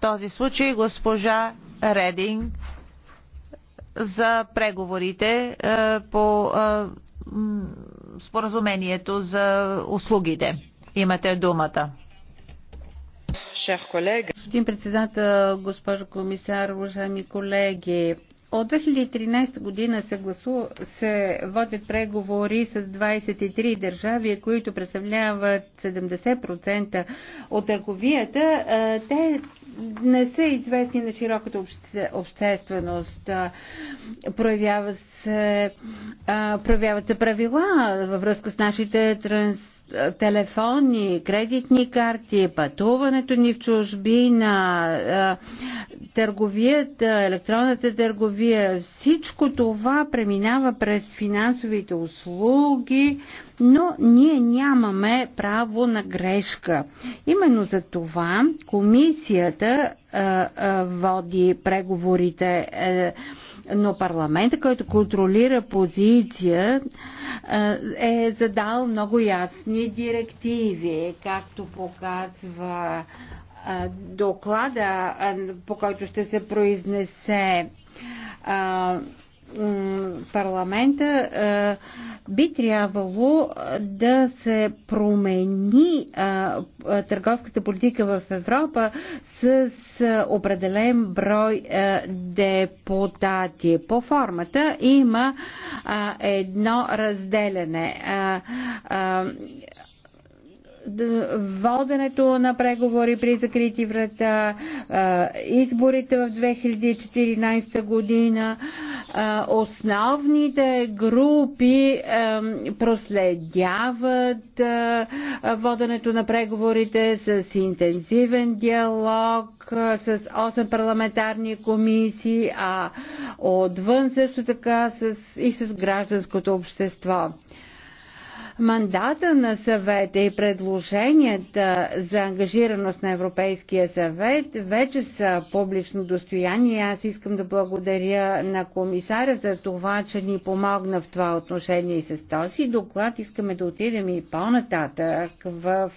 този случай госпожа Рединг за преговорите е, по е, споразумението за услугите. Имате думата. Господин председател, госпожо комисар, уважаеми колеги, от 2013 година се, гласу... се водят преговори с 23 държави, които представляват 70% от търговията. Те не са известни на широката обще, общественост. Проявяват се, проявяват се правила във връзка с нашите транс телефони, кредитни карти, пътуването ни в чужбина, търговията, електронната търговия, всичко това преминава през финансовите услуги, но ние нямаме право на грешка. Именно за това комисията води преговорите, е, но парламента, който контролира позиция, е задал много ясни директиви, както показва доклада, по който ще се произнесе парламента е, би трябвало е, да се промени е, търговската политика в Европа с определен брой депутати. По формата има едно разделяне воденето на преговори при закрити врата, изборите в 2014 година, основните групи проследяват воденето на преговорите с интензивен диалог, с 8 парламентарни комисии, а отвън също така с, и с гражданското общество. Мандата на съвета и предложенията за ангажираност на Европейския съвет вече са публично достояние. Аз искам да благодаря на комисаря за това, че ни помогна в това отношение и с този доклад. Искаме да отидем и по-нататък в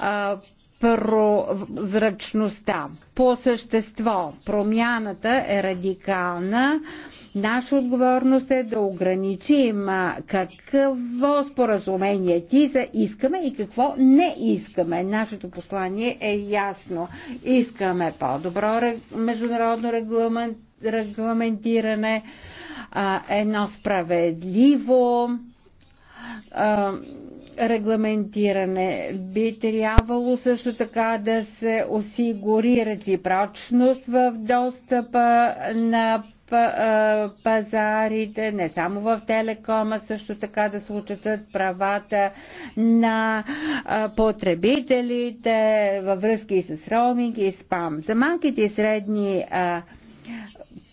а, прозрачността. По същество промяната е радикална Наша отговорност е да ограничим какво споразумение ти искаме и какво не искаме. Нашето послание е ясно. Искаме по-добро международно регламентиране, едно справедливо регламентиране. Би трябвало също така да се осигури реципрочност в достъпа на пазарите, не само в телекома, също така да се учетат правата на потребителите във връзки с роуминг и спам. За малките и средни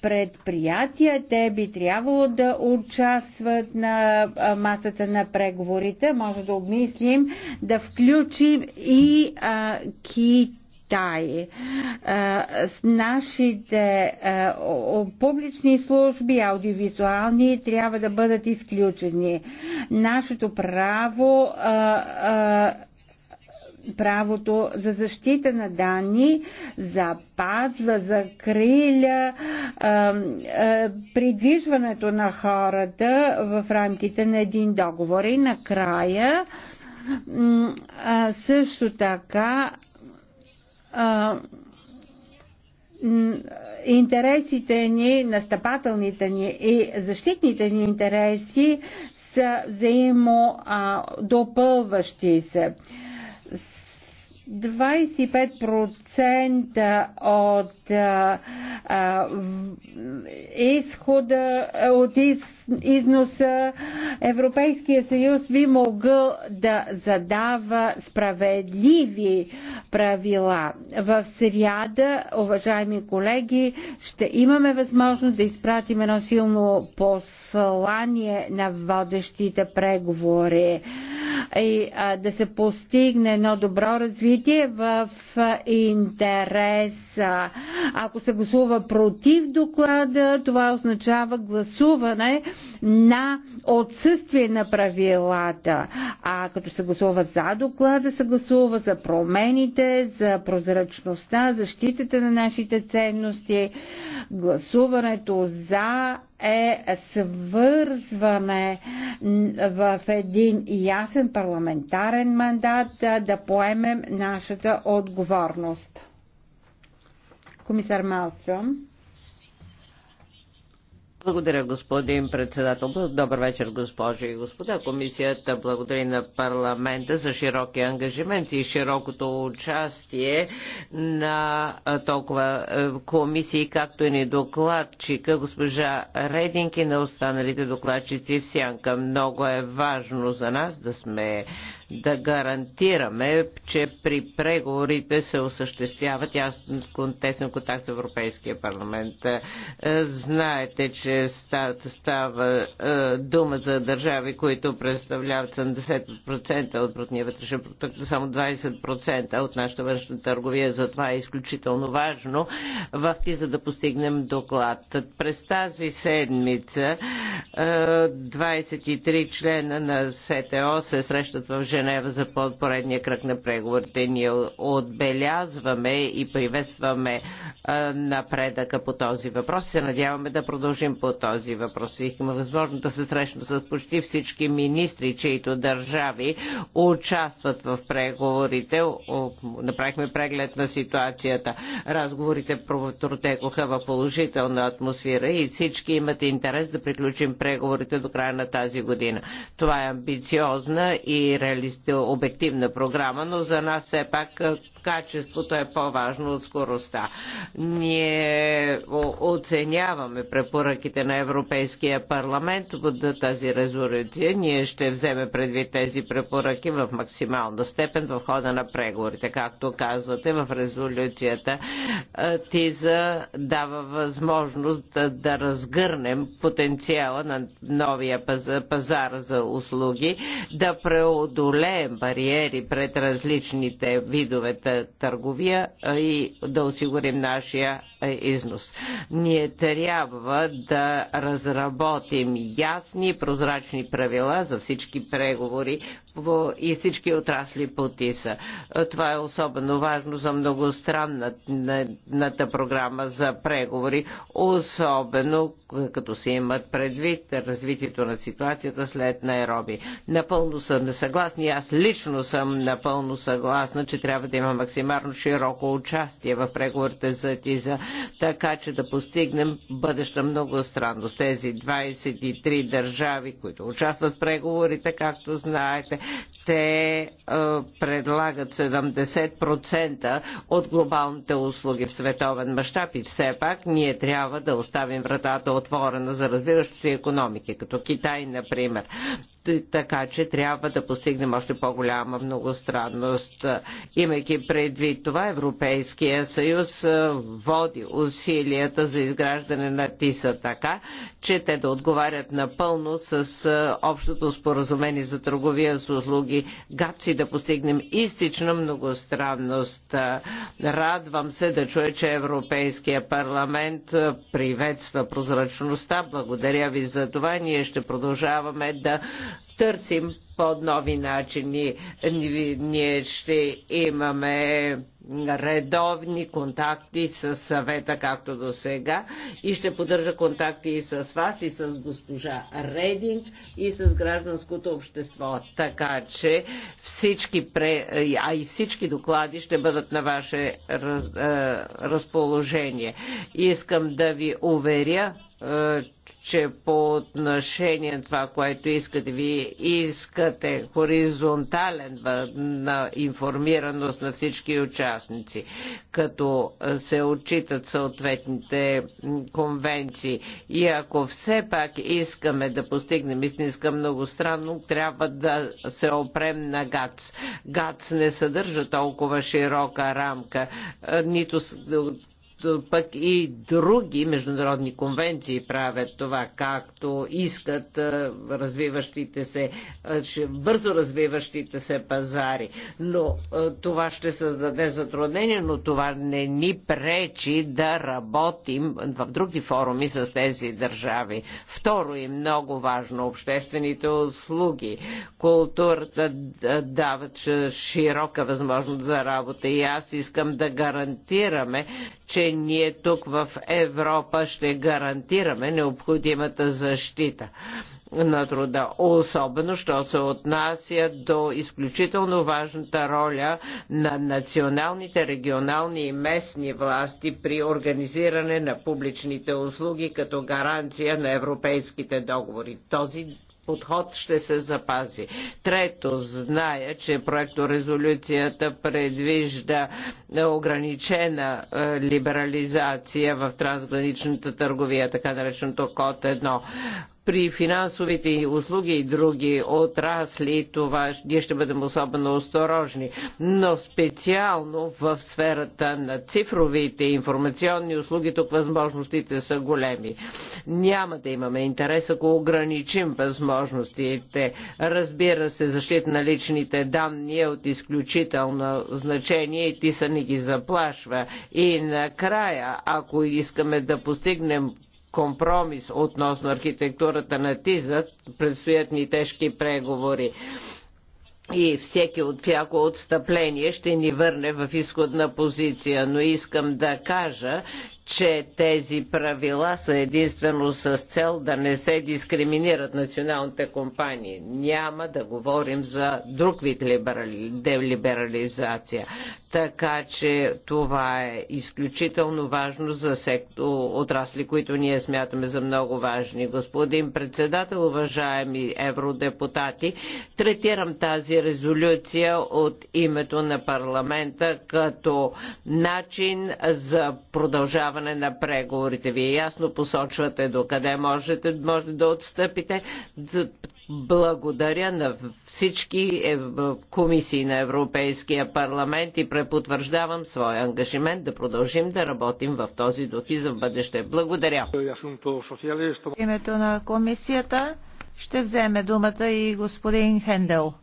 предприятия, те би трябвало да участват на масата на преговорите. Може да обмислим да включим и а, Китай Китай. Е, нашите е, публични служби, аудиовизуални, трябва да бъдат изключени. Нашето право е, правото за защита на данни запазва, закриля придвижването на хората в рамките на един договор. И накрая също така интересите ни, настъпателните ни и защитните ни интереси са взаимодопълващи се. 25% от а, а, изхода, от из, износа Европейския съюз би могъл да задава справедливи правила. В сряда, уважаеми колеги, ще имаме възможност да изпратим едно силно послание на водещите преговори и а, да се постигне едно добро развитие в интерес. Ако се гласува против доклада, това означава гласуване на отсъствие на правилата. А като се гласува за доклада, се гласува за промените, за прозрачността, защитата на нашите ценности, гласуването за е свързване в един ясен парламентарен мандат да поемем нашата отговорност. Комисар Малстром. Благодаря, господин председател. Добър вечер, госпожи и господа. Комисията благодари на парламента за широки ангажименти и широкото участие на толкова комисии, както и ни докладчика, госпожа Рединки на останалите докладчици в Сянка. Много е важно за нас да сме да гарантираме, че при преговорите се осъществяват ясно тесен контакт с Европейския парламент. Е, знаете, че става е, дума за държави, които представляват 70% от брутния вътрешен продукт, само 20% от нашата външна търговия. Затова е изключително важно в за да постигнем доклад. През тази седмица 23 е, члена на СТО се срещат в Женева Женева за поредния кръг на преговорите. Ние отбелязваме и приветстваме напредъка по този въпрос. Се надяваме да продължим по този въпрос. Има възможност да се срещна с почти всички министри, чието държави участват в преговорите. Направихме преглед на ситуацията. Разговорите протекоха в положителна атмосфера и всички имат интерес да приключим преговорите до края на тази година. Това е амбициозна и реалистична обективна програма, но за нас все пак качеството е по-важно от скоростта. Ние оценяваме препоръките на Европейския парламент от тази резолюция. Ние ще вземем предвид тези препоръки в максимална степен в хода на преговорите. Както казвате в резолюцията, е, ТИЗА дава възможност да, да разгърнем потенциала на новия пазар за услуги, да преодолеем бариери пред различните видове търговия и да осигурим нашия е износ. Ние трябва да разработим ясни и прозрачни правила за всички преговори и всички отрасли по ТИСа. Това е особено важно за многостранната програма за преговори, особено като се имат предвид развитието на ситуацията след Найроби. Напълно съм съгласна и аз лично съм напълно съгласна, че трябва да има максимално широко участие в преговорите за ТИСА така че да постигнем бъдеща многостранност. Тези 23 държави, които участват в преговорите, както знаете, те предлагат 70% от глобалните услуги в световен мащаб и все пак ние трябва да оставим вратата отворена за развиващи се економики, като Китай, например така че трябва да постигнем още по-голяма многостранност. Имайки предвид това, Европейския съюз води усилията за изграждане на ТИСА така, че те да отговарят напълно с общото споразумение за търговия с услуги други гаци да постигнем истична многостранност. Радвам се да чуя, че Европейския парламент приветства прозрачността. Благодаря ви за това. Ние ще продължаваме да търсим по нови начини. Ние ще имаме редовни контакти с съвета, както до сега, и ще поддържа контакти и с вас, и с госпожа Рединг, и с гражданското общество. Така че всички, пре, а и всички доклади ще бъдат на ваше раз, е, разположение. Искам да ви уверя, е, че по отношение на това, което искате, вие искате хоризонтален на информираност на всички участници, като се отчитат съответните конвенции. И ако все пак искаме да постигнем истинска многостранно, трябва да се опрем на ГАЦ. ГАЦ не съдържа толкова широка рамка, нито пък и други международни конвенции правят това, както искат развиващите се, бързо развиващите се пазари. Но това ще създаде затруднение, но това не ни пречи да работим в други форуми с тези държави. Второ и много важно, обществените услуги. Културата дават широка възможност за работа и аз искам да гарантираме, че ние тук в Европа ще гарантираме необходимата защита на труда, особено що се отнася до изключително важната роля на националните, регионални и местни власти при организиране на публичните услуги като гаранция на европейските договори. Този подход ще се запази. Трето, зная, че проекторезолюцията предвижда е, ограничена е, либерализация в трансграничната търговия, така нареченото код 1 при финансовите услуги и други отрасли това ние ще бъдем особено осторожни. Но специално в сферата на цифровите информационни услуги тук възможностите са големи. Няма да имаме интерес, ако ограничим възможностите. Разбира се, защита на личните данни е от изключително значение и ти са ни ги заплашва. И накрая, ако искаме да постигнем компромис относно архитектурата на ТИЗА, предстоят ни тежки преговори и всеки от всяко отстъпление ще ни върне в изходна позиция. Но искам да кажа, че тези правила са единствено с цел да не се дискриминират националните компании. Няма да говорим за друг вид либерализация. Така че това е изключително важно за секто, отрасли, които ние смятаме за много важни. Господин председател, уважаеми евродепутати, третирам тази резолюция от името на парламента като начин за продължаване продължаване на преговорите. Вие ясно посочвате до къде можете може да отстъпите. Благодаря на всички комисии на Европейския парламент и препотвърждавам своя ангажимент да продължим да работим в този дух и за в бъдеще. Благодаря. Името на комисията ще вземе думата и господин Хендел.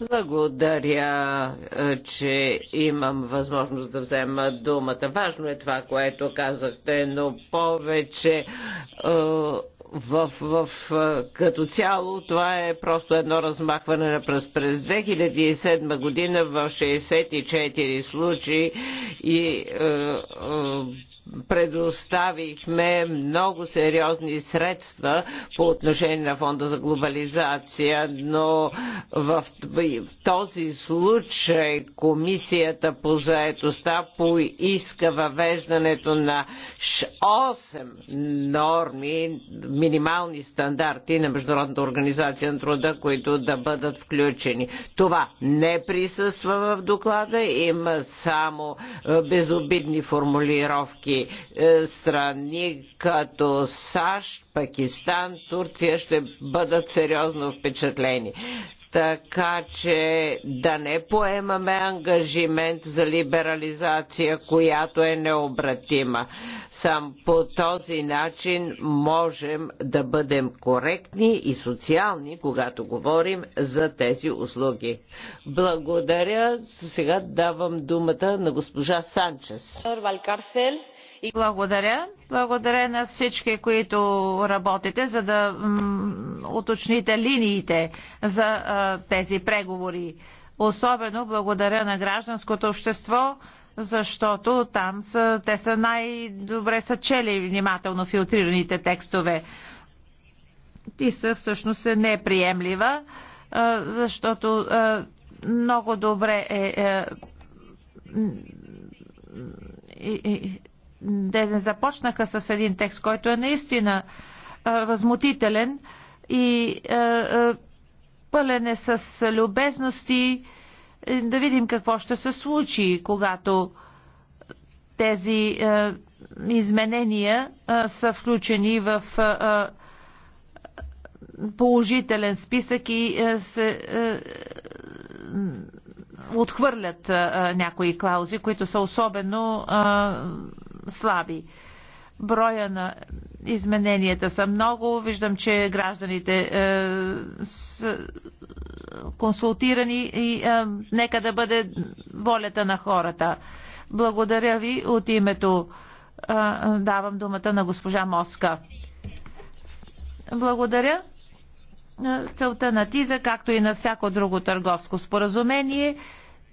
Благодаря, е, че имам възможност да взема думата. Важно е това, което казахте, но повече е, в, в, като цяло това е просто едно размахване на пръст. През 2007 година в 64 случаи и е, е, предоставихме много сериозни средства по отношение на фонда за глобализация, но в, в този случай комисията по заетостта поиска въвеждането на 8 норми минимални стандарти на Международната организация на труда, които да бъдат включени. Това не присъства в доклада, има само е, безобидни формулировки. Е, страни като САЩ, Пакистан, Турция ще бъдат сериозно впечатлени така че да не поемаме ангажимент за либерализация, която е необратима. Сам по този начин можем да бъдем коректни и социални, когато говорим за тези услуги. Благодаря. Сега давам думата на госпожа Санчес. И... Благодаря. Благодаря на всички, които работите, за да уточните линиите за а, тези преговори. Особено благодаря на гражданското общество, защото там са, те са най-добре са чели внимателно филтрираните текстове. Ти са всъщност неприемлива, а, защото а, много добре е, е и, и, ден започнаха с един текст, който е наистина възмутителен и пълен е с любезности. Е, да видим какво ще се случи, когато тези изменения са включени в положителен списък и се отхвърлят някои клаузи, които са особено слаби. Броя на измененията са много. Виждам, че гражданите е, са консултирани и е, нека да бъде волята на хората. Благодаря ви от името. Е, давам думата на госпожа Моска. Благодаря. Е, целта на ТИЗА, както и на всяко друго търговско споразумение,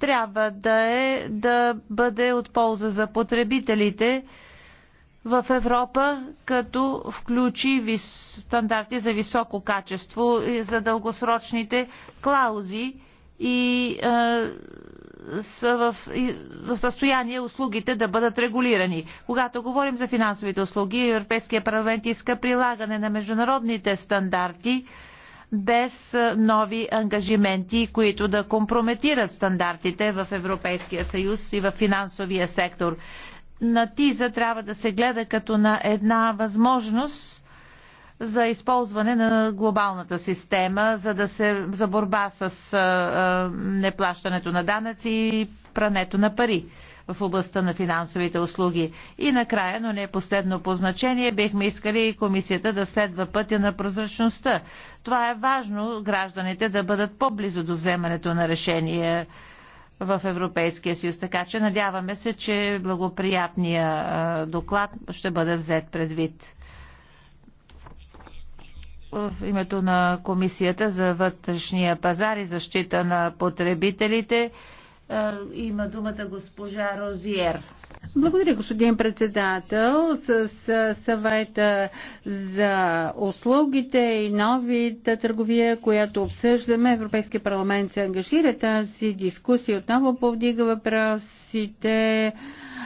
трябва да е да бъде от полза за потребителите в Европа, като включи стандарти за високо качество и за дългосрочните клаузи и е, са в, и, в състояние услугите да бъдат регулирани. Когато говорим за финансовите услуги, Европейския парламент иска прилагане на международните стандарти, без нови ангажименти, които да компрометират стандартите в Европейския съюз и в финансовия сектор. На ТИЗа трябва да се гледа като на една възможност за използване на глобалната система, за да се за борба с а, а, неплащането на данъци и прането на пари в областта на финансовите услуги. И накрая, но не последно по значение, бихме искали и комисията да следва пътя на прозрачността. Това е важно гражданите да бъдат по-близо до вземането на решения в Европейския съюз. Така че надяваме се, че благоприятния доклад ще бъде взет предвид. В името на Комисията за вътрешния пазар и защита на потребителите е, има думата госпожа Розиер. Благодаря, господин председател. С съвета за услугите и новите търговия, която обсъждаме, Европейския парламент се ангажира тази дискусия. Отново повдига въпросите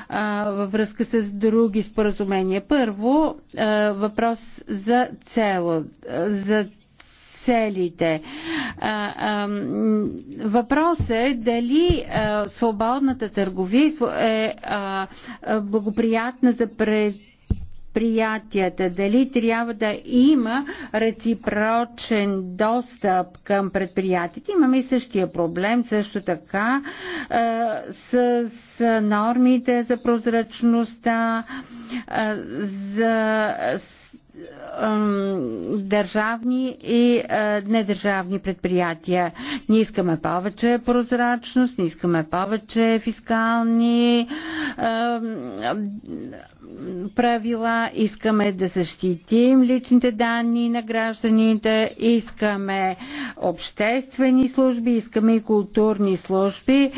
а, във връзка с други споразумения. Първо, а, въпрос за цел, за целите. Въпросът е дали свободната търговия е благоприятна за през Приятията, дали трябва да има реципрочен достъп към предприятията. Имаме и същия проблем също така е, с, с нормите за прозрачността, е, за държавни и недържавни предприятия. Ние искаме повече прозрачност, ние искаме повече фискални правила, искаме да защитим личните данни на гражданите, искаме обществени служби, искаме и културни служби. Е,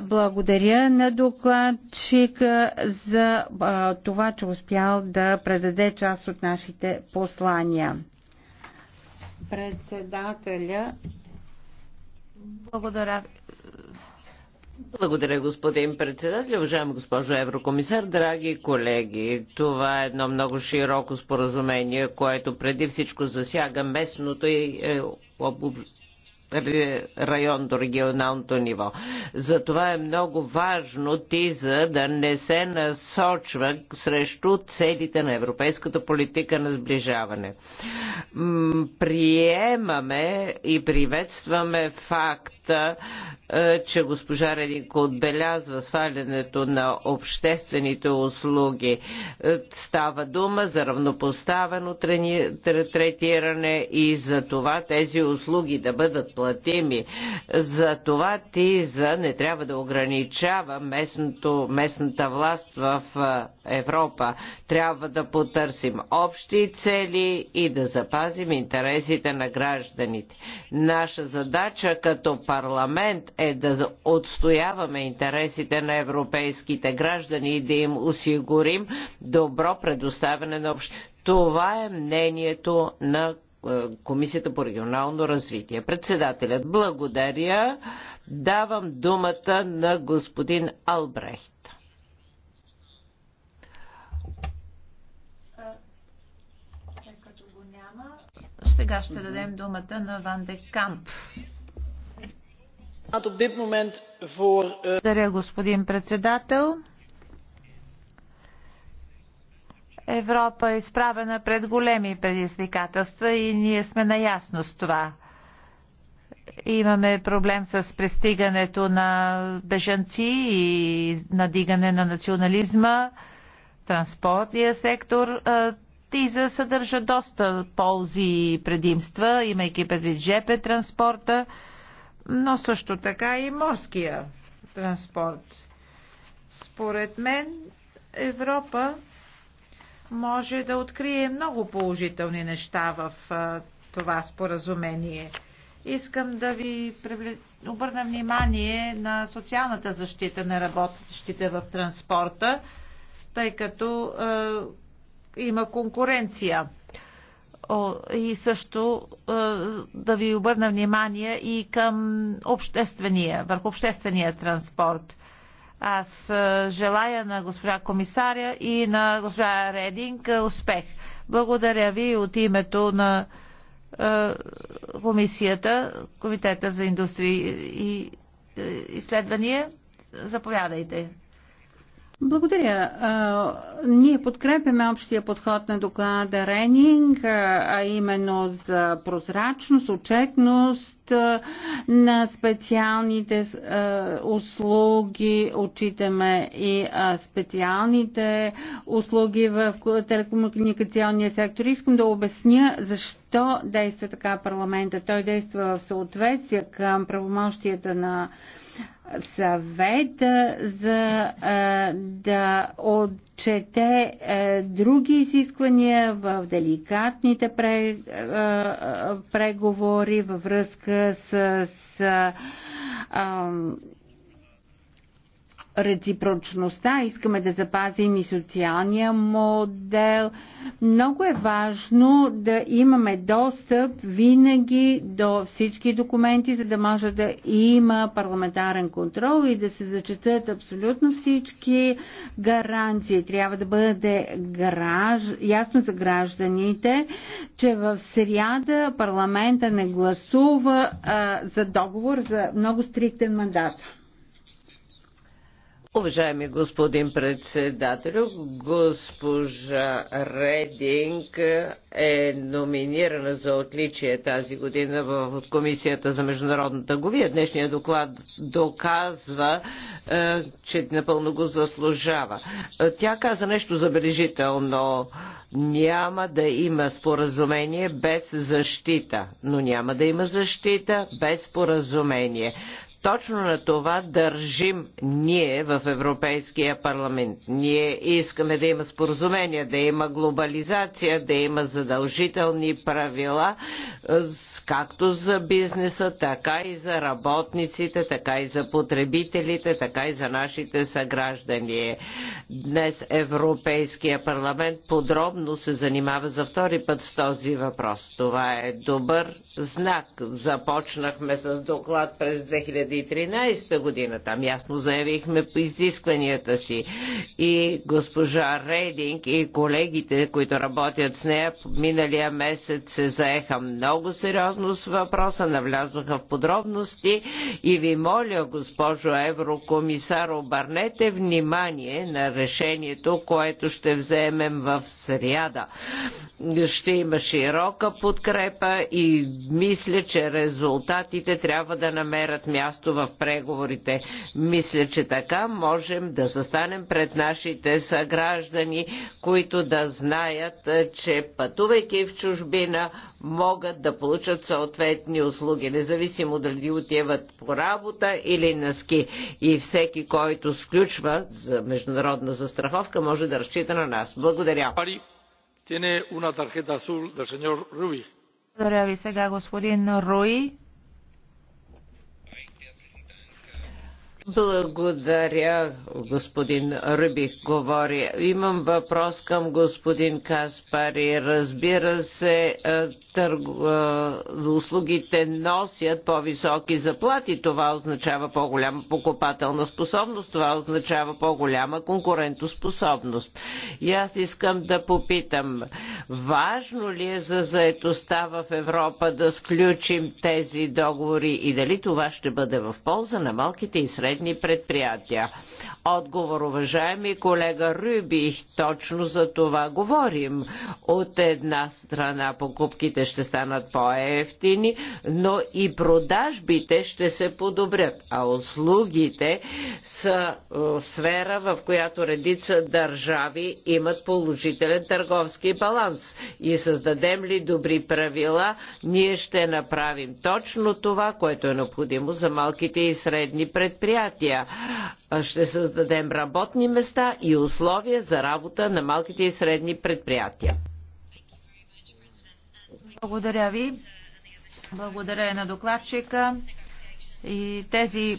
благодаря на докладчика за е, това, че успял да предаде част от нашите послания. Председателя. Благодаря благодаря, господин председател. Уважаема госпожо еврокомисар, драги колеги, това е едно много широко споразумение, което преди всичко засяга местното и е, об район до регионалното ниво. Затова е много важно ТИЗА да не се насочва срещу целите на европейската политика на сближаване. Приемаме и приветстваме факт е, че госпожа Рединко отбелязва свалянето на обществените услуги. Е, става дума за равнопоставено третиране и за това тези услуги да бъдат платими. За това ти за не трябва да ограничава местното, местната власт в е, Европа. Трябва да потърсим общи цели и да запазим интересите на гражданите. Наша задача като парламент парламент е да отстояваме интересите на европейските граждани и да им осигурим добро предоставяне на общ. Това е мнението на е, Комисията по регионално развитие. Председателят, благодаря. Давам думата на господин Албрехт. Сега ще дадем думата на Ван де Камп. Eh, Благодаря, господин председател. Европа е изправена пред големи предизвикателства и ние сме наясно с това. Имаме проблем с пристигането на бежанци и надигане на национализма, транспортния сектор. ТИЗа съдържа доста ползи и предимства, имайки предвид жепе транспорта но също така и морския транспорт. Според мен Европа може да открие много положителни неща в това споразумение. Искам да ви обърна внимание на социалната защита на работещите в транспорта, тъй като а, има конкуренция. О, и също е, да ви обърна внимание и към обществения, върху обществения транспорт. Аз е, желая на госпожа комисаря и на госпожа Рединг е, успех. Благодаря ви от името на е, комисията, Комитета за индустрии и е, изследвания. Заповядайте. Благодаря. ние подкрепяме общия подход на доклада Ренинг, а именно за прозрачност, отчетност на специалните услуги. Отчитаме и специалните услуги в телекомуникационния сектор. Искам да обясня защо действа така парламента. Той действа в съответствие към правомощията на съвета за да отчете други изисквания в деликатните преговори във връзка с реципрочността, искаме да запазим и социалния модел. Много е важно да имаме достъп винаги до всички документи, за да може да има парламентарен контрол и да се зачетат абсолютно всички гаранции. Трябва да бъде гараж, ясно за гражданите, че в сряда парламента не гласува а, за договор за много стриктен мандат. Уважаеми господин председател, госпожа Рединг е номинирана за отличие тази година в Комисията за международна търговия. Днешният доклад доказва, е, че напълно го заслужава. Е, тя каза нещо забележително. Няма да има споразумение без защита, но няма да има защита без споразумение. Точно на това държим ние в Европейския парламент. Ние искаме да има споразумение, да има глобализация, да има задължителни правила, е, както за бизнеса, така и за работниците, така и за потребителите, така и за нашите съграждани. Днес Европейския парламент подробно се занимава за втори път с този въпрос. Това е добър знак. Започнахме с доклад през 2000 2013 година. Там ясно заявихме по изискванията си. И госпожа Рейдинг и колегите, които работят с нея, миналия месец се заеха много сериозно с въпроса, навлязоха в подробности и ви моля, госпожо Еврокомисар, обърнете внимание на решението, което ще вземем в сряда. Ще има широка подкрепа и мисля, че резултатите трябва да намерят място място в преговорите. Мисля, че така можем да застанем пред нашите съграждани, които да знаят, е, че пътувайки в чужбина могат да получат съответни услуги, независимо дали отиват по работа или на ски. И всеки, който сключва за международна застраховка, може да разчита на нас. Благодаря. Благодаря ви сега, господин Руи. Благодаря, господин Рубих говори. Имам въпрос към господин Каспари. Разбира се, е, търг... Е, услугите носят по-високи заплати. Това означава по-голяма покупателна способност, това означава по-голяма конкурентоспособност. И аз искам да попитам, важно ли е за заетостта в Европа да сключим тези договори и дали това ще бъде в полза на малките и средни средни предприятия. Отговор, уважаеми колега Рюбих, точно за това говорим. От една страна покупките ще станат по-ефтини, но и продажбите ще се подобрят, а услугите са е, сфера, в която редица държави имат положителен търговски баланс. И създадем ли добри правила, ние ще направим точно това, което е необходимо за малките и средни предприятия предприятия. Ще създадем работни места и условия за работа на малките и средни предприятия. Благодаря ви. Благодаря на докладчика. И тези е,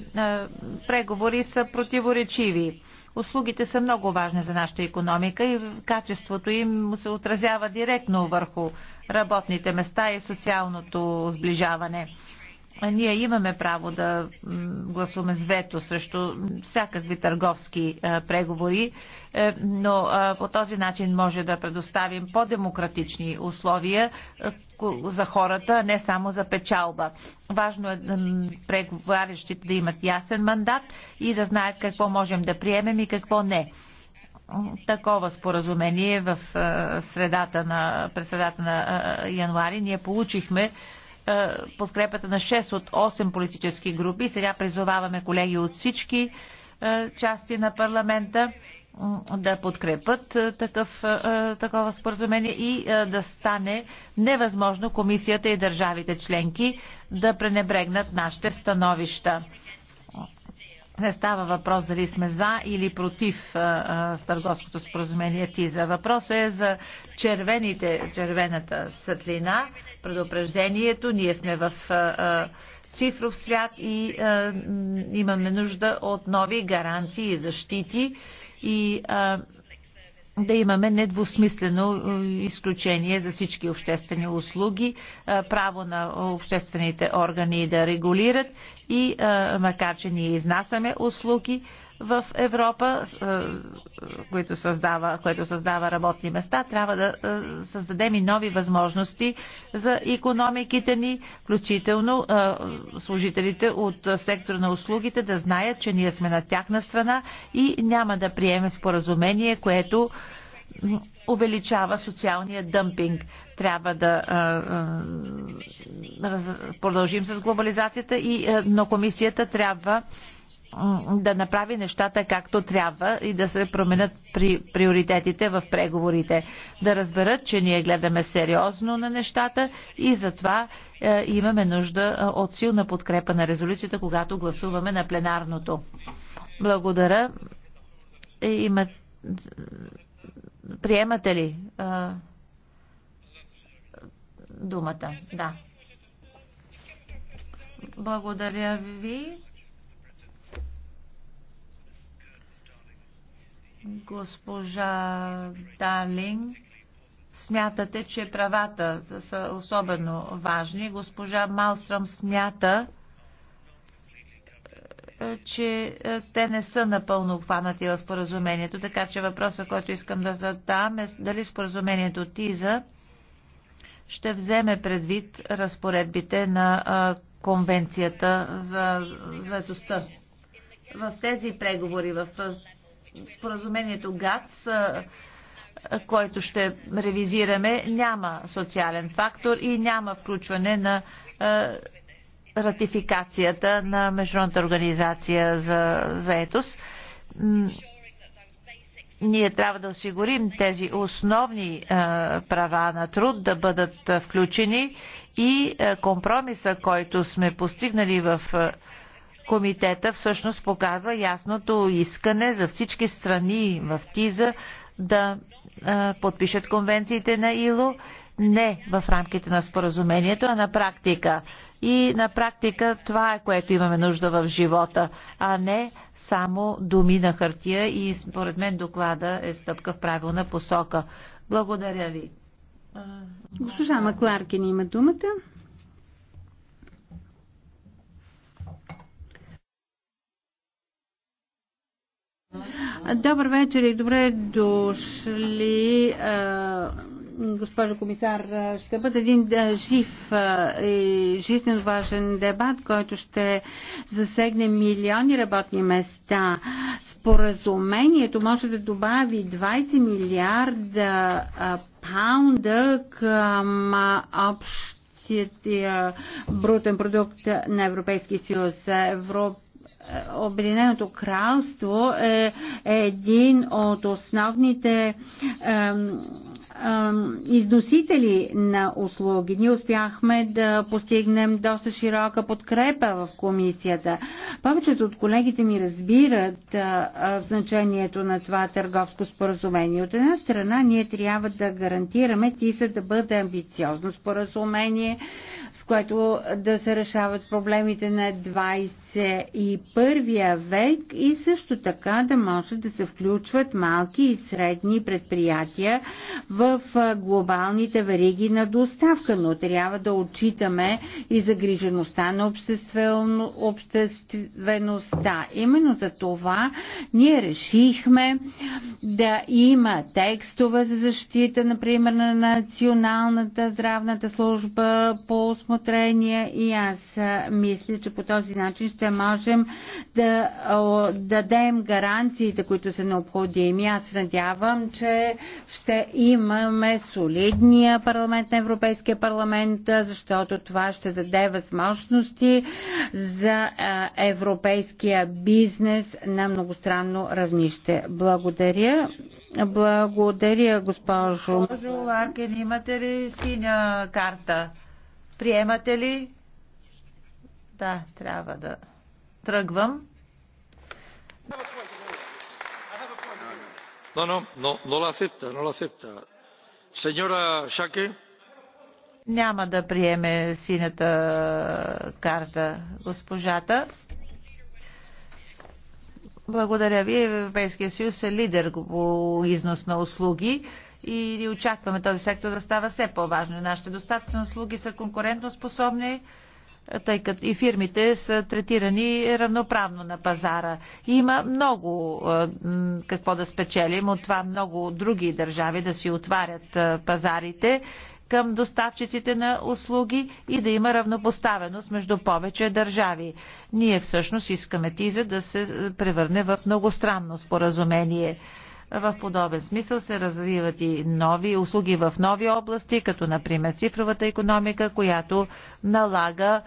преговори са противоречиви. Услугите са много важни за нашата економика и качеството им се отразява директно върху работните места и социалното сближаване ние имаме право да гласуваме с вето срещу всякакви търговски е, преговори, е, но е, по този начин може да предоставим по-демократични условия за хората, не само за печалба. Важно е преговарящите да имат ясен мандат и да знаят какво можем да приемем и какво не такова споразумение в средата на, през средата на януари. Ние получихме е, подкрепата на 6 от 8 политически групи. Сега призоваваме колеги от всички е, части на парламента да подкрепят е, такъв, такова споразумение и да стане невъзможно комисията и държавите членки да пренебрегнат нашите становища. Не става въпрос дали сме за или против а, а, с търговското споразумение ТИЗА. Въпросът е за червените, червената светлина, предупреждението. Ние сме в а, а, цифров свят и а, имаме нужда от нови гаранции и защити. И а, да имаме недвусмислено е, изключение за всички обществени услуги, е, право на обществените органи да регулират и е, макар, че ние изнасяме услуги, в Европа, е, което създава, което създава работни места, трябва да е, създадем и нови възможности за економиките ни, включително е, служителите от сектора на услугите да знаят, че ние сме на тяхна страна и няма да приеме споразумение, което увеличава социалния дъмпинг. Трябва да а, а, продължим с глобализацията, и, а, но комисията трябва да направи нещата както трябва и да се променят при приоритетите в преговорите. Да разберат, че ние гледаме сериозно на нещата и затова е, имаме нужда е, от силна подкрепа на резолюцията, когато гласуваме на пленарното. Благодаря. Е, има... Приемате ли е, думата? Да. Благодаря ви. Госпожа Далин, смятате, че правата са особено важни. Госпожа Малстрам смята, е, че е, те не са напълно обхванати в споразумението, така че въпросът, който искам да задам е дали споразумението ТИЗА ще вземе предвид разпоредбите на е, конвенцията за заедостта. В тези преговори, в споразумението ГАЦ, който ще ревизираме, няма социален фактор и няма включване на ратификацията на Международната организация за заетост. Ние трябва да осигурим тези основни права на труд да бъдат включени и компромиса, който сме постигнали в комитета всъщност показва ясното искане за всички страни в ТИЗа да а, подпишат конвенциите на ИЛО не в рамките на споразумението, а на практика. И на практика това е което имаме нужда в живота, а не само думи на хартия и според мен доклада е стъпка в правилна посока. Благодаря ви. Госпожа Макларкин има думата. Добър вечер и добре дошли, госпожо комисар. Ще бъде един жив и жизненно важен дебат, който ще засегне милиони работни места. Споразумението може да добави 20 милиарда паунда към общия брутен продукт на Европейския съюз. Европа Обединеното кралство е един от основните износители на услуги. Ние успяхме да постигнем доста широка подкрепа в комисията. Повечето от колегите ми разбират е, значението на това търговско споразумение. От една страна ние трябва да гарантираме се да бъде амбициозно споразумение, с което да се решават проблемите на 21 век и също така да може да се включват малки и средни предприятия в глобалните вериги на доставка, но трябва да отчитаме и загрижеността на обществеността. Именно за това ние решихме да има текстове за защита, например, на националната здравната служба по усмотрение и аз мисля, че по този начин ще можем да дадем гаранциите, които са необходими. Аз надявам, че ще имаме солидния парламент на Европейския парламент, защото това ще даде възможности за европейския бизнес на многостранно равнище. Благодаря. Благодаря, госпожо. Госпожо Ларкен, имате ли синя карта? Приемате ли? Да, трябва да тръгвам. Но, но, но, но la acepta, но la acepta. Señora Шаке. Няма да приеме синята карта госпожата. Благодаря ви. Европейския съюз е лидер по износ на услуги и очакваме този сектор да става все по-важно. Нашите доставци на услуги са конкурентоспособни, тъй като и фирмите са третирани равноправно на пазара. Има много какво да спечелим от това много други държави да си отварят пазарите към доставчиците на услуги и да има равнопоставеност между повече държави. Ние всъщност искаме ТИЗа да се превърне в многостранно споразумение. В подобен смисъл се развиват и нови услуги в нови области, като например цифровата економика, която налага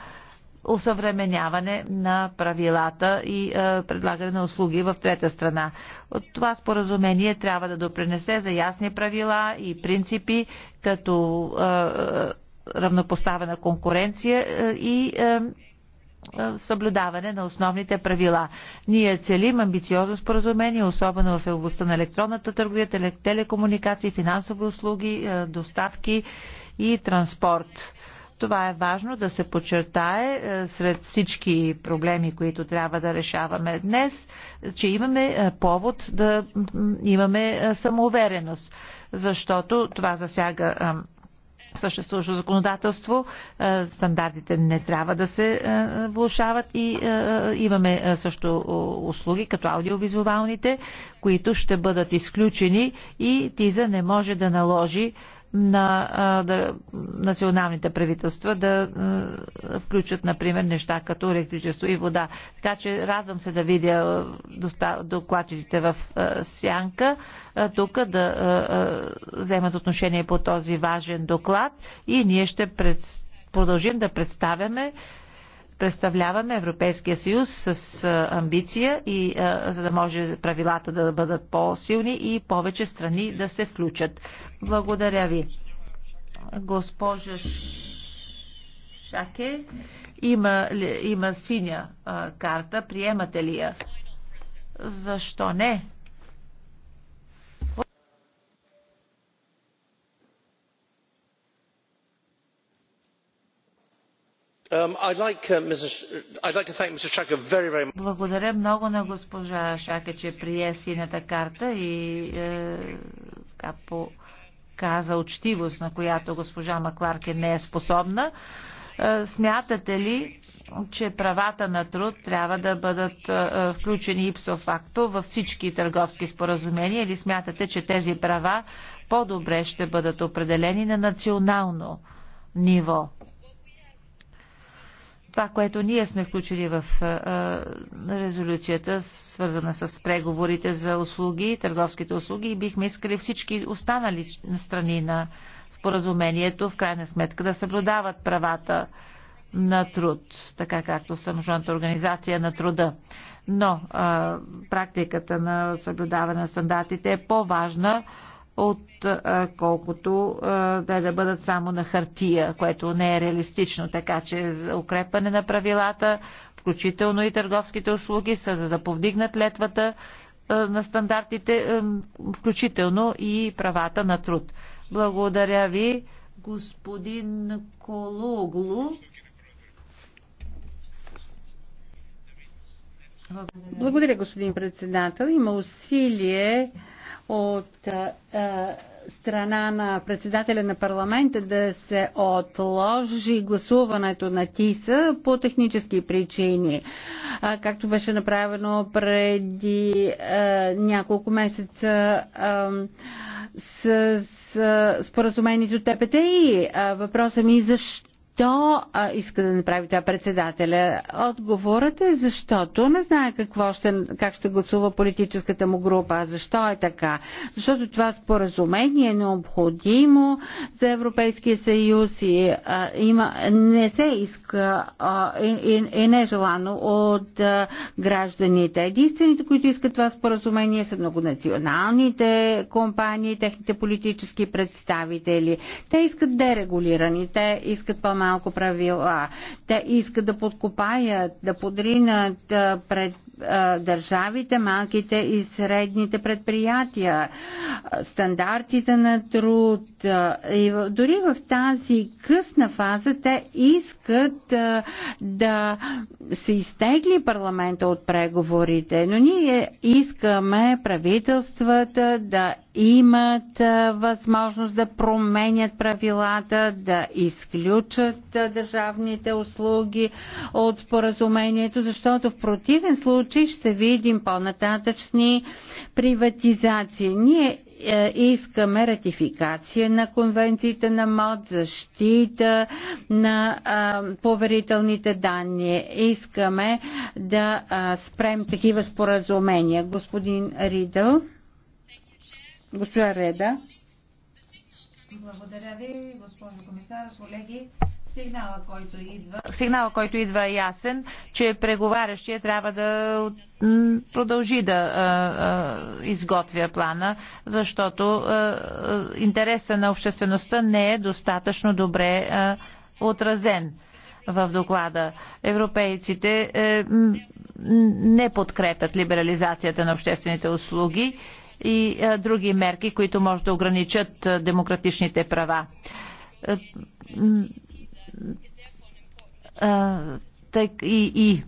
усъвременяване на правилата и е, предлагане на услуги в трета страна. От това споразумение трябва да допренесе за ясни правила и принципи, като е, е равнопоставена конкуренция е, и е, е, съблюдаване на основните правила. Ние целим амбициозно споразумение, особено в областта на електронната търговия, телекомуникации, финансови услуги, е, доставки и транспорт. Това е важно да се подчертае е, сред всички проблеми, които трябва да решаваме днес, че имаме повод да имаме самоувереност, защото това засяга съществуващо законодателство. Е, стандартите не трябва да се е, влушават и е, имаме също услуги, като аудиовизуалните, които ще бъдат изключени и ТИЗА не може да наложи на а, да, националните правителства да а, включат, например, неща като електричество и вода. Така че радвам се да видя докладчиците в а, Сянка а, тук да а, а, вземат отношение по този важен доклад и ние ще пред, продължим да представяме представляваме Европейския съюз с амбиция и за да може правилата да бъдат по-силни и повече страни да се включат. Благодаря ви. Госпожа Шаке, има, има синя карта. Приемате ли я? Защо не? Um, uh, Благодаря много на госпожа Шака, че прие синята карта и е, показа учтивост, на която госпожа Макларке не е способна. Е, смятате ли, че правата на труд трябва да бъдат е, е, включени ипсо факто във всички търговски споразумения или смятате, че тези права по-добре ще бъдат определени на национално ниво? Това, което ние сме включили в резолюцията, свързана с преговорите за услуги, търговските услуги, и бихме искали всички останали страни на споразумението, в крайна сметка, да съблюдават правата на труд, така както са организация на труда. Но а, практиката на съблюдаване на стандартите е по-важна от колкото да, да бъдат само на хартия, което не е реалистично. Така че за укрепване на правилата, включително и търговските услуги, са за да повдигнат летвата на стандартите, включително и правата на труд. Благодаря ви, господин Кологлу. Благодаря. Благодаря, господин председател. Има усилие от страна на председателя на парламента да се отложи гласуването на ТИСА по технически причини, както беше направено преди няколко месеца с споразумението ТПТИ. Въпросът ми е защо? защо а, иска да направи това председателя? Отговорът е защото не знае какво ще, как ще гласува политическата му група. Защо е така? Защото това споразумение е необходимо за Европейския съюз и а, има, не се иска а, и, и, и нежелано от а, гражданите. Единствените, които искат това споразумение са многонационалните компании, техните политически представители. Те искат дерегулирани, те искат по-малко малко правила. Те искат да подкопаят, да подринат пред държавите, малките и средните предприятия, стандартите на труд. И дори в тази късна фаза те искат да се изтегли парламента от преговорите, но ние искаме правителствата да имат възможност да променят правилата, да изключат държавните услуги от споразумението, защото в противен случай случай ще видим по-нататъчни приватизации. Ние е, искаме ратификация на конвенциите на МОД, защита на а, поверителните данни. Искаме да а, спрем такива споразумения. Господин Ридъл. Госпожа Реда. Благодаря ви, госпожо комисар, колеги. Сигнала, който идва, сигнала, който идва е ясен, че преговарящия трябва да продължи да а, а, изготвя плана, защото а, интереса на обществеността не е достатъчно добре а, отразен в доклада. Европейците а, е, не подкрепят либерализацията на обществените услуги и а, други мерки, които може да ограничат а, демократичните права. Е, и, и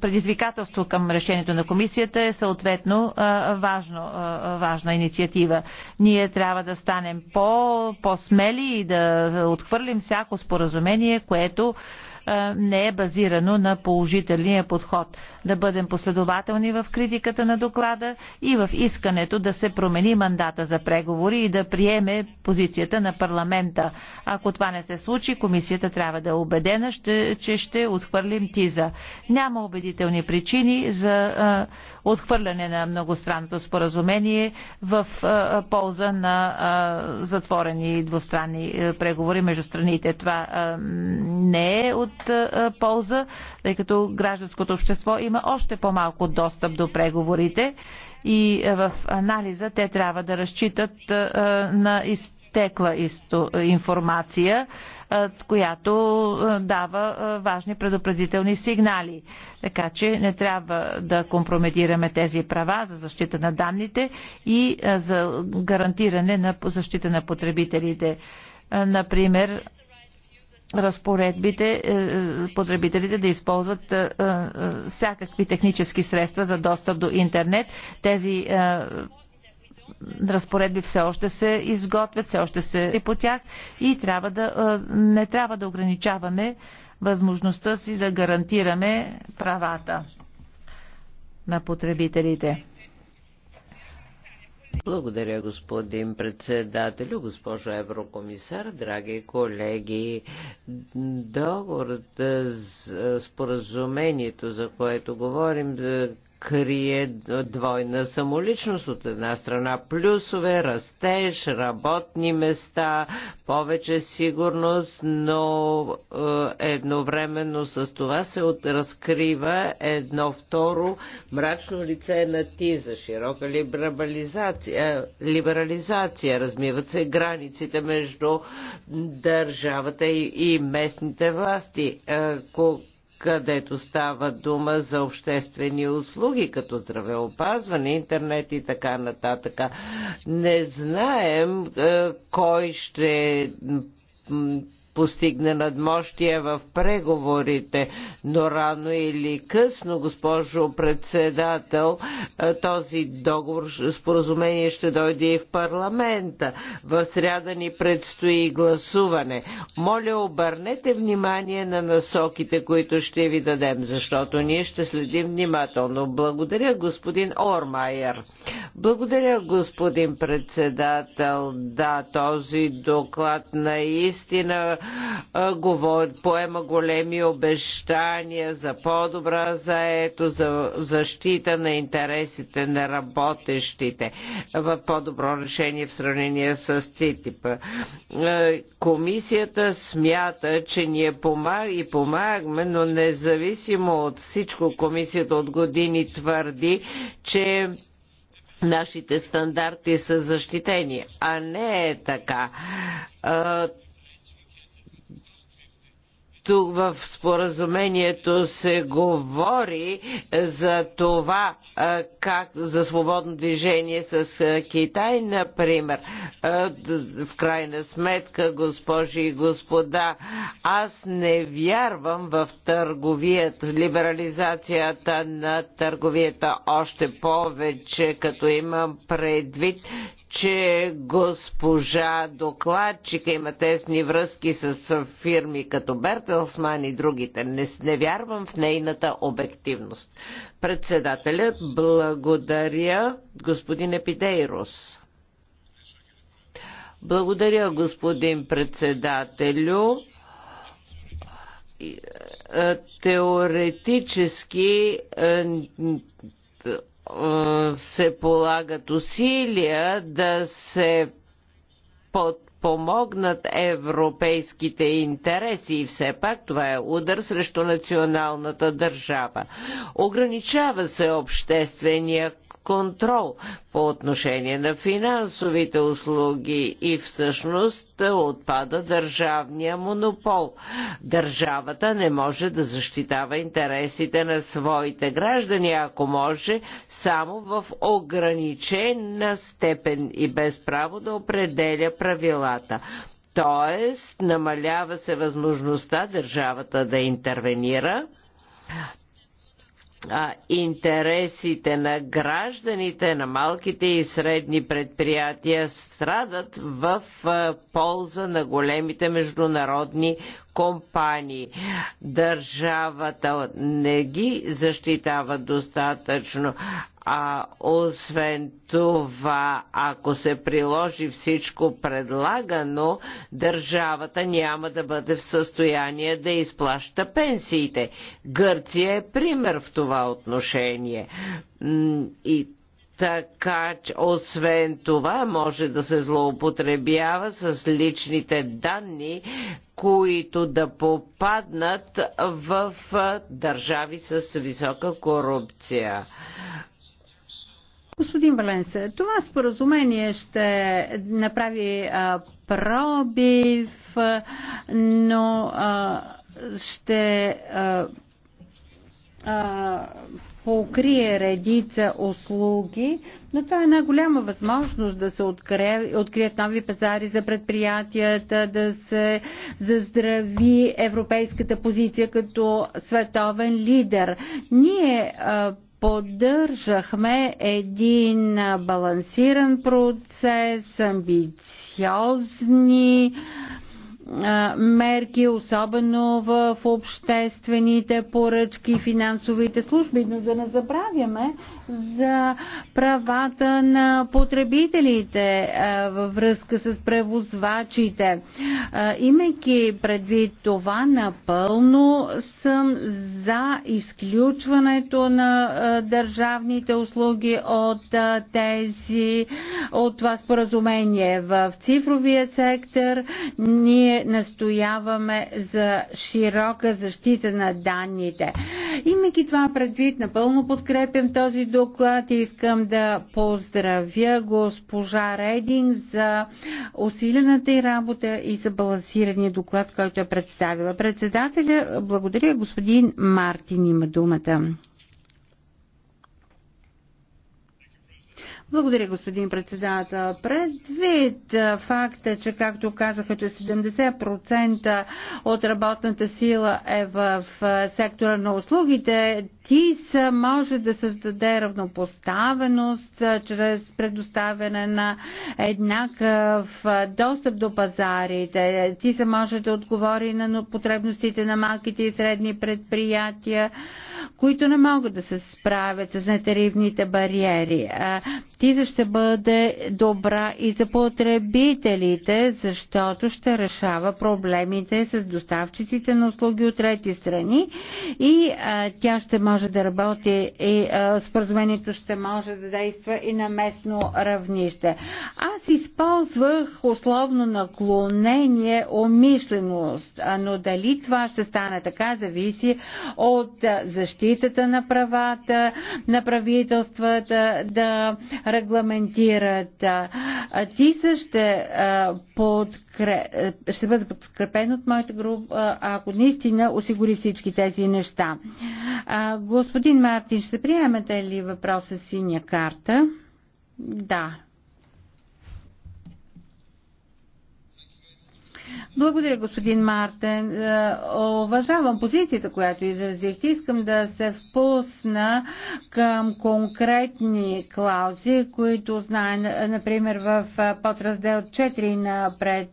предизвикателство към решението на комисията е съответно важно, важна инициатива. Ние трябва да станем по, по-смели и да отхвърлим всяко споразумение, което не е базирано на положителния подход да бъдем последователни в критиката на доклада и в искането да се промени мандата за преговори и да приеме позицията на парламента. Ако това не се случи, комисията трябва да е убедена, ще, че ще отхвърлим ТИЗА. Няма убедителни причини за а, отхвърляне на многостранното споразумение в а, полза на а, затворени двустранни а, преговори между страните. Това а, не е от а, полза, тъй като гражданското общество и има още по-малко достъп до преговорите и е, в анализа те трябва да разчитат е, е, на изтекла информация, която дава важни предупредителни сигнали. Така че не трябва да компрометираме тези права за защита на данните и за гарантиране на защита на потребителите. Например, разпоредбите е, е, потребителите да използват е, всякакви технически средства за достъп до интернет. Тези разпоредби все още се изготвят, все още се и по тях и трябва да, не трябва да ограничаваме възможността си да гарантираме правата на потребителите. Благодаря, господин председател, госпожо еврокомисар, драги колеги. Договорът, е, е, споразумението, за което говорим, е, крие двойна самоличност от една страна. Плюсове, растеж, работни места, повече сигурност, но е, едновременно с това се разкрива едно второ мрачно лице на тиза, широка либерализация, е, либерализация. Размиват се границите между държавата и, местните власти. Е, където става дума за обществени услуги, като здравеопазване, интернет и така нататък. Не знаем е, кой ще постигне надмощие в преговорите, но рано или късно, госпожо председател, е, този договор, споразумение ще дойде и в парламента. В сряда ни предстои гласуване. Моля, обърнете внимание на насоките, които ще ви дадем, защото ние ще следим внимателно. Благодаря, господин Ормайер. Благодаря, господин председател. Да, този доклад наистина поема големи обещания за по-добра заето, за защита на интересите на работещите в по-добро решение в сравнение с ТИТИП. Комисията смята, че е помаг и помагаме, но независимо от всичко, комисията от години твърди, че нашите стандарти са защитени, а не е така тук в споразумението се говори за това как за свободно движение с Китай, например. В крайна сметка, госпожи и господа, аз не вярвам в търговията, либерализацията на търговията още повече, като имам предвид, че госпожа докладчика има тесни връзки с фирми като Бертелсман и другите. Не, не вярвам в нейната обективност. Председателят, благодаря господин Епидейрос. Благодаря, господин председателю е, теоретически е, е, се полагат усилия да се подпомогнат европейските интереси и все пак това е удар срещу националната държава. Ограничава се обществения контрол по отношение на финансовите услуги и всъщност отпада държавния монопол. Държавата не може да защитава интересите на своите граждани, ако може, само в ограничена степен и без право да определя правилата. Тоест, намалява се възможността държавата да интервенира а, интересите на гражданите, на малките и средни предприятия страдат в а, полза на големите международни компании. Държавата не ги защитава достатъчно. А освен това, ако се приложи всичко предлагано, държавата няма да бъде в състояние да изплаща пенсиите. Гърция е пример в това отношение. И така че освен това може да се злоупотребява с личните данни, които да попаднат в държави с висока корупция. Господин Валенсе, това споразумение ще направи а, пробив, но а, ще а, а, покрие редица услуги, но това е една голяма възможност да се открие, открият нови пазари за предприятията, да се заздрави европейската позиция като световен лидер. Ние а, поддържахме един балансиран процес, амбициозни мерки, особено в обществените поръчки, финансовите служби, но да не забравяме за правата на потребителите във връзка с превозвачите. Имайки предвид това, напълно съм за изключването на държавните услуги от тези, от това споразумение. В цифровия сектор ние настояваме за широка защита на данните. Имайки това предвид, напълно подкрепям този доклад и искам да поздравя госпожа Рединг за усилената и работа и за балансирания доклад, който е представила председателя. Благодаря, господин Мартин има думата. Благодаря, господин председател. Предвид факта, че, както казаха, че 70% от работната сила е в сектора на услугите, ТИС може да създаде равнопоставеност чрез предоставяне на еднакъв достъп до пазарите. ТИС може да отговори на потребностите на малките и средни предприятия които не могат да се справят с нетаривните бариери. Тиза ще бъде добра и за потребителите, защото ще решава проблемите с доставчиците на услуги от трети страни и а, тя ще може да работи и а, споразумението ще може да действа и на местно равнище. Аз използвах условно наклонение умишленост, но дали това ще стане така зависи от защита защитата на правата на правителствата да регламентират. Ти ще, подкреп... ще бъде подкрепен от моята група, ако наистина осигури всички тези неща. Господин Мартин, ще приемете ли въпроса с синя карта? Да. Благодаря, господин Мартен. Е, уважавам позицията, която изразихте. Искам да се впусна към конкретни клаузи, които знаем, например, в подраздел 4 на пред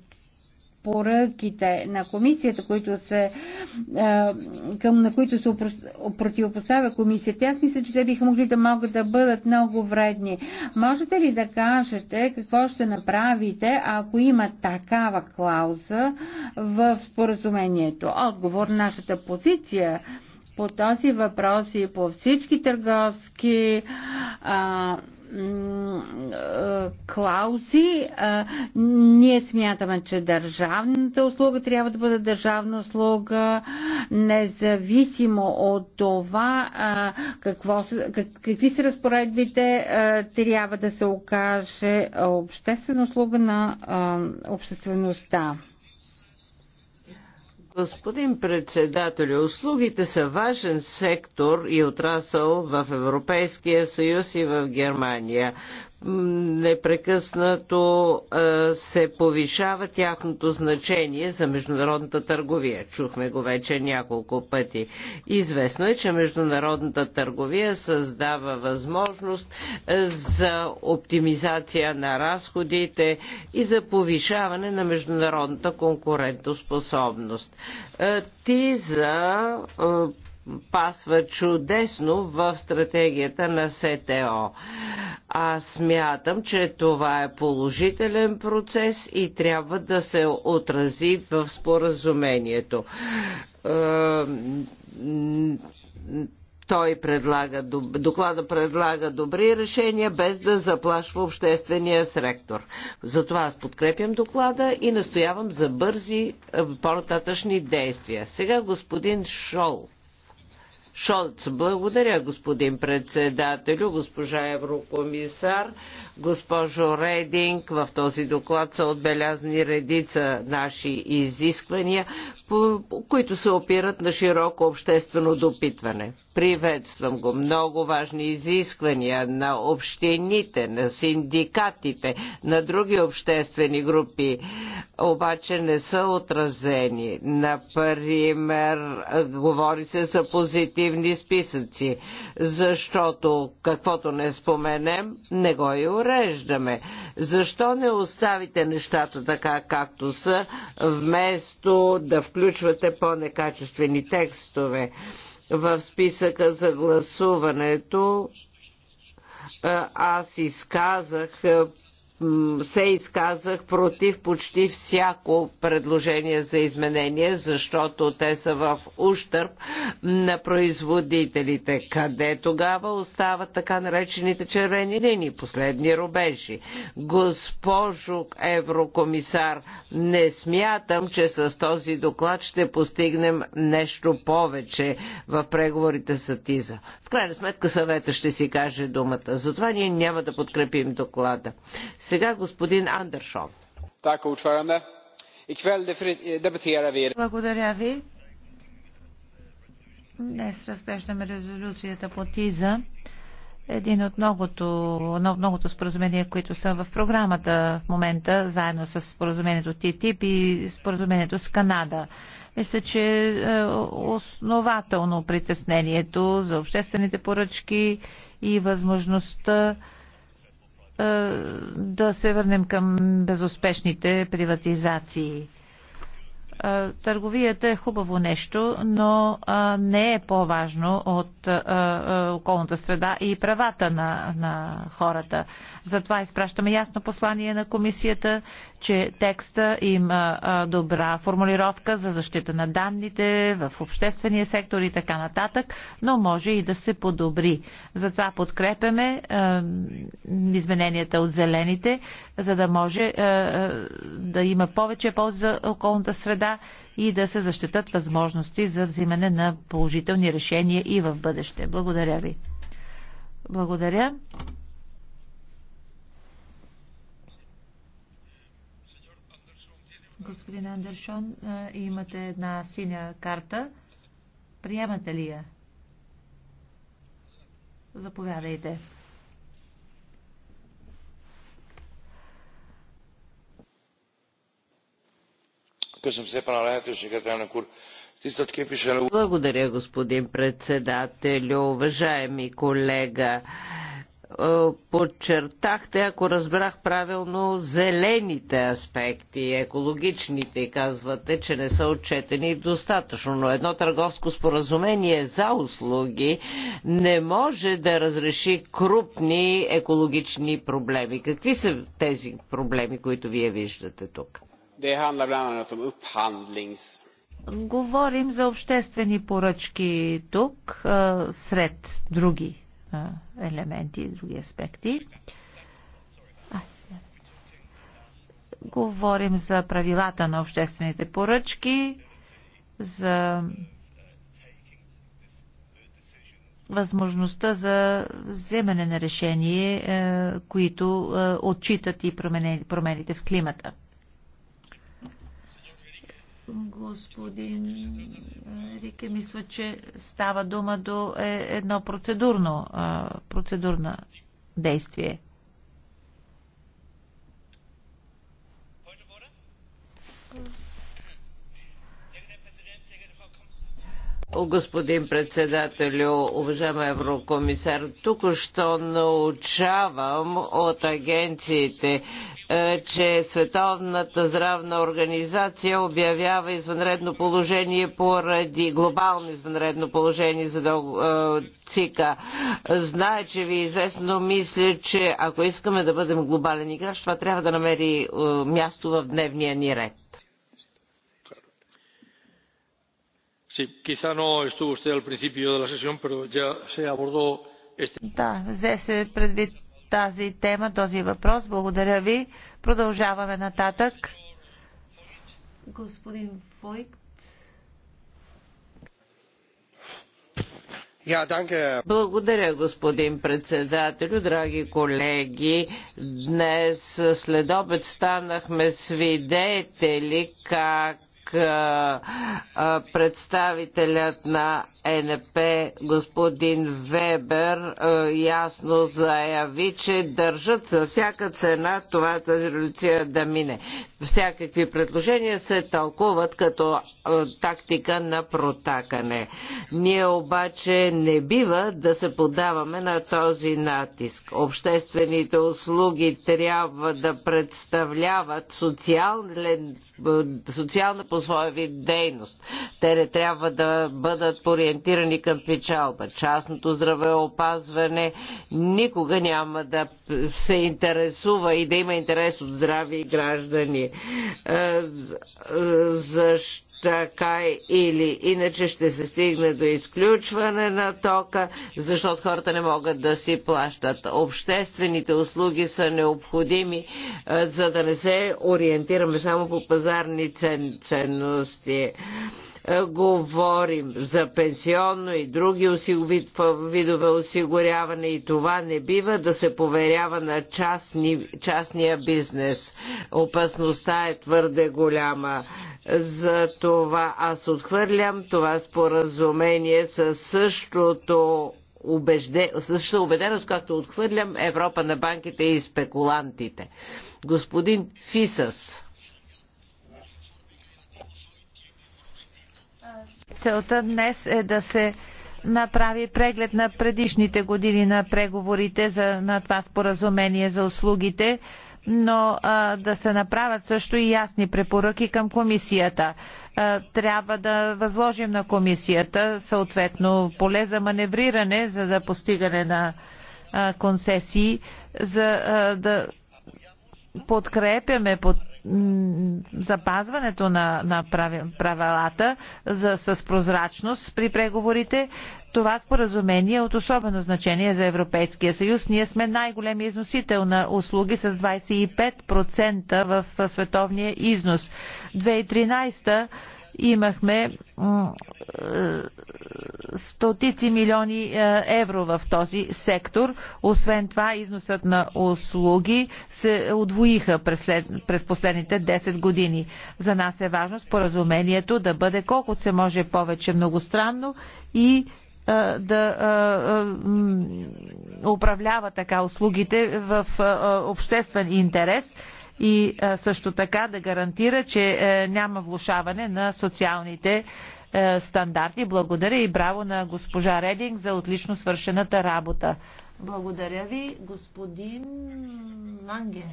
препоръките на комисията, които се, към, на които се противопоставя комисията, аз мисля, че те биха могли да могат да бъдат много вредни. Можете ли да кажете какво ще направите, ако има такава клауза в споразумението? Отговор нашата позиция по този въпрос и по всички търговски а, клаузи. Ние смятаме, че държавната услуга трябва да бъде държавна услуга, независимо от това какво, какви са разпоредбите, трябва да се окаже обществена услуга на обществеността. Господин председател, услугите са важен сектор и отрасъл в Европейския съюз и в Германия непрекъснато се повишава тяхното значение за международната търговия. Чухме го вече няколко пъти. Известно е, че международната търговия създава възможност за оптимизация на разходите и за повишаване на международната конкурентоспособност. Ти за пасва чудесно в стратегията на СТО. Аз смятам, че това е положителен процес и трябва да се отрази в споразумението е, той предлага, доклада предлага добри решения, без да заплашва обществения сектор. Затова аз подкрепям доклада и настоявам за бързи е, по-нататъчни действия. Сега господин Шол. Шолц. Благодаря, господин председателю, госпожа еврокомисар, госпожо Рединг. В този доклад са отбелязани редица наши изисквания, по, които се опират на широко обществено допитване. Приветствам го. Много важни изисквания на общините, на синдикатите, на други обществени групи, обаче не са отразени. Например, говори се за позитивни списъци, защото каквото не споменем, не го и уреждаме. Защо не оставите нещата така, както са, вместо да в включвате по-некачествени текстове в списъка за гласуването аз изказах се изказах против почти всяко предложение за изменение, защото те са в ущърп на производителите. Къде тогава остават така наречените червени линии, последни рубежи? Госпожо еврокомисар, не смятам, че с този доклад ще постигнем нещо повече в преговорите с ТИЗа. В крайна сметка съвета ще си каже думата. Затова ние няма да подкрепим доклада. Сега господин Андершон. Благодаря ви. Днес разглеждаме резолюцията по ТИЗА. Един от многото, едно от многото споразумения, които са в програмата в момента, заедно с споразумението ТИТИП и споразумението с Канада. Мисля, че е, основателно притеснението за обществените поръчки и възможността е, да се върнем към безуспешните приватизации. Е, търговията е хубаво нещо, но е, не е по-важно от околната среда и правата на, на хората. Затова изпращаме ясно послание на комисията, че текста има добра формулировка за защита на данните в обществения сектор и така нататък, но може и да се подобри. Затова подкрепяме измененията от зелените, за да може да има повече полза за околната среда и да се защитат възможности за взимане на положителни решения и в бъдеще. Благодаря ви. Благодаря. Господин Андершон, имате една синя карта. Приемате ли я? Заповядайте. Благодаря, господин председател, Уважаеми колега, е, подчертахте, ако разбрах правилно, зелените аспекти, екологичните, казвате, че не са отчетени достатъчно. Но едно търговско споразумение за услуги не може да разреши крупни екологични проблеми. Какви са тези проблеми, които вие виждате тук? Говорим за обществени поръчки тук, сред други елементи и други аспекти. Говорим за правилата на обществените поръчки, за възможността за вземане на решение, е, които е, отчитат и промените в климата. Господин Рике, мисля, че става дума до е, едно процедурно, процедурно действие. господин председателю, уважаема еврокомисар. Тук-що научавам от агенциите, е, че Световната здравна организация обявява извънредно положение поради глобално извънредно положение за е, ЦИКА. Знае, че ви е известно, мисля, че ако искаме да бъдем глобален играч, това трябва да намери е, място в дневния ни ред. Quizá no estuvo usted al principio de la sesión, pero ya se abordó este... Да, взе се предвид тази тема, този въпрос. Благодаря ви. Продължаваме нататък. Господин Войкт. Благодаря, господин председател, Драги колеги, днес след обед станахме свидетели как представителят на НП господин Вебер ясно заяви, че държат за всяка цена това тази революция да мине. Всякакви предложения се тълкуват като тактика на протакане. Ние обаче не бива да се подаваме на този натиск. Обществените услуги трябва да представляват социална по своя вид дейност. Те не трябва да бъдат ориентирани към печалба. Частното здравеопазване никога няма да се интересува и да има интерес от здрави граждани. Е, е, защо? така или иначе ще се стигне до изключване на тока, защото хората не могат да си плащат. Обществените услуги са необходими, е, за да не се ориентираме само по пазарни цен, цен, ценности. Е, говорим за пенсионно и други видове осигуряване и това не бива да се поверява на частни, частния бизнес. Опасността е твърде голяма. За това аз отхвърлям това споразумение със същото убежде, същата убеденост, както отхвърлям Европа на банките и спекулантите. Господин Фисас. Целта днес е да се направи преглед на предишните години на преговорите за, на това споразумение за услугите, но а, да се направят също и ясни препоръки към комисията. А, трябва да възложим на комисията съответно поле за маневриране, за да постигане на а, концесии, за а, да подкрепяме под запазването на, на правилата за, с прозрачност при преговорите. Това споразумение е от особено значение за Европейския съюз. Ние сме най големият износител на услуги с 25% в световния износ. 2013 имахме е, стотици милиони е, евро в този сектор. Освен това, износът на услуги се удвоиха през, след, през последните 10 години. За нас е важно споразумението да бъде колкото се може повече многостранно и е, да управлява така услугите в обществен интерес и също така да гарантира, че е, няма влушаване на социалните е, стандарти. Благодаря и браво на госпожа Рединг за отлично свършената работа. Благодаря ви, господин Ланге.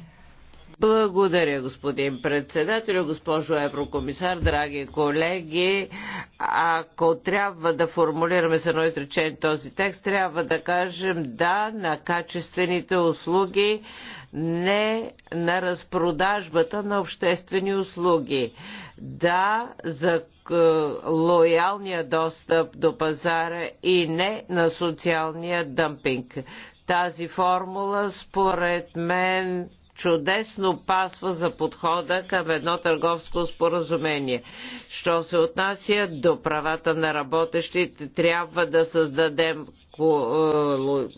Благодаря, господин председател, госпожо еврокомисар, драги колеги. Ако трябва да формулираме с едно изречение този текст, трябва да кажем да на качествените услуги не на разпродажбата на обществени услуги. Да, за е, лоялния достъп до пазара и не на социалния дъмпинг. Тази формула, според мен, чудесно пасва за подхода към едно търговско споразумение. Що се отнася до правата на работещите, трябва да създадем е,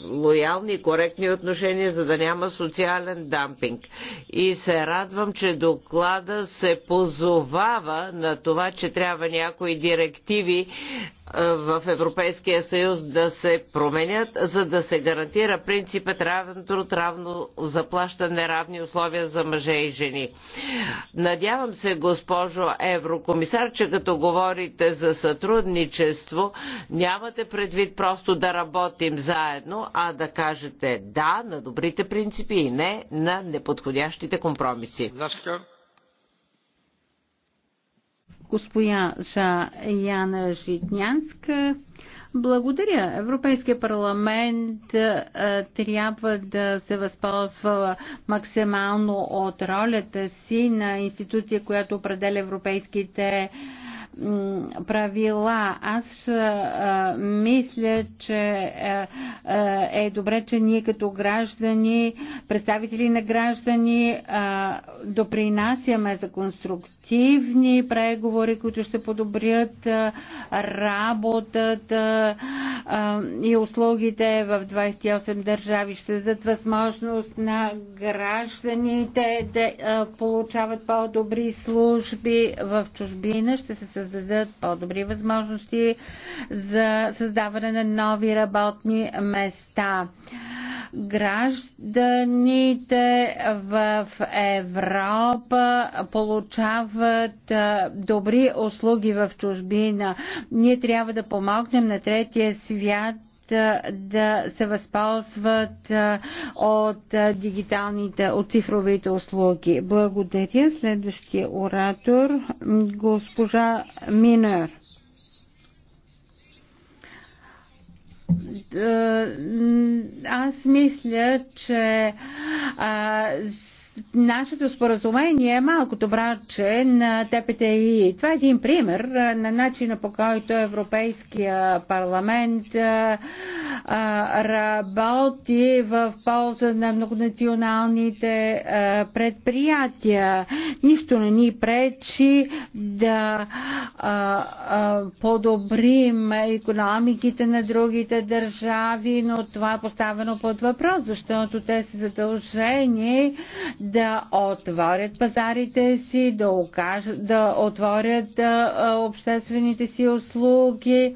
лоялни и коректни отношения, за да няма социален дампинг. И се радвам, че доклада се позовава на това, че трябва някои директиви в Европейския съюз да се променят, за да се гарантира принципът равен труд, равно заплащане, равни условия за мъже и жени. Надявам се, госпожо еврокомисар, че като говорите за сътрудничество, нямате предвид просто да работим заедно, а да кажете да на добрите принципи и не на неподходящите компромиси госпожа Яна Житнянска. Благодаря. Европейския парламент а, трябва да се възползва максимално от ролята си на институция, която определя европейските правила. Аз а, мисля, че а, е добре, че ние като граждани, представители на граждани, а, допринасяме за конструкция ефективни преговори, които ще подобрят работата и услугите в 28 държави. Ще дадат възможност на гражданите да получават по-добри служби в чужбина. Ще се създадат по-добри възможности за създаване на нови работни места гражданите в Европа получават добри услуги в чужбина. Ние трябва да помогнем на третия свят да се възползват от дигиталните, от цифровите услуги. Благодаря. Следващия оратор, госпожа Минер. Е, аз мисля, че а, нашето споразумение е малкото братче на ТПТИ. Това е един пример на начина по който Европейския парламент работи в полза на многонационалните предприятия. Нищо не ни пречи да подобрим економиките на другите държави, но това е поставено под въпрос, защото те са задължени да отворят пазарите си, да, окажат, да отворят обществените си услуги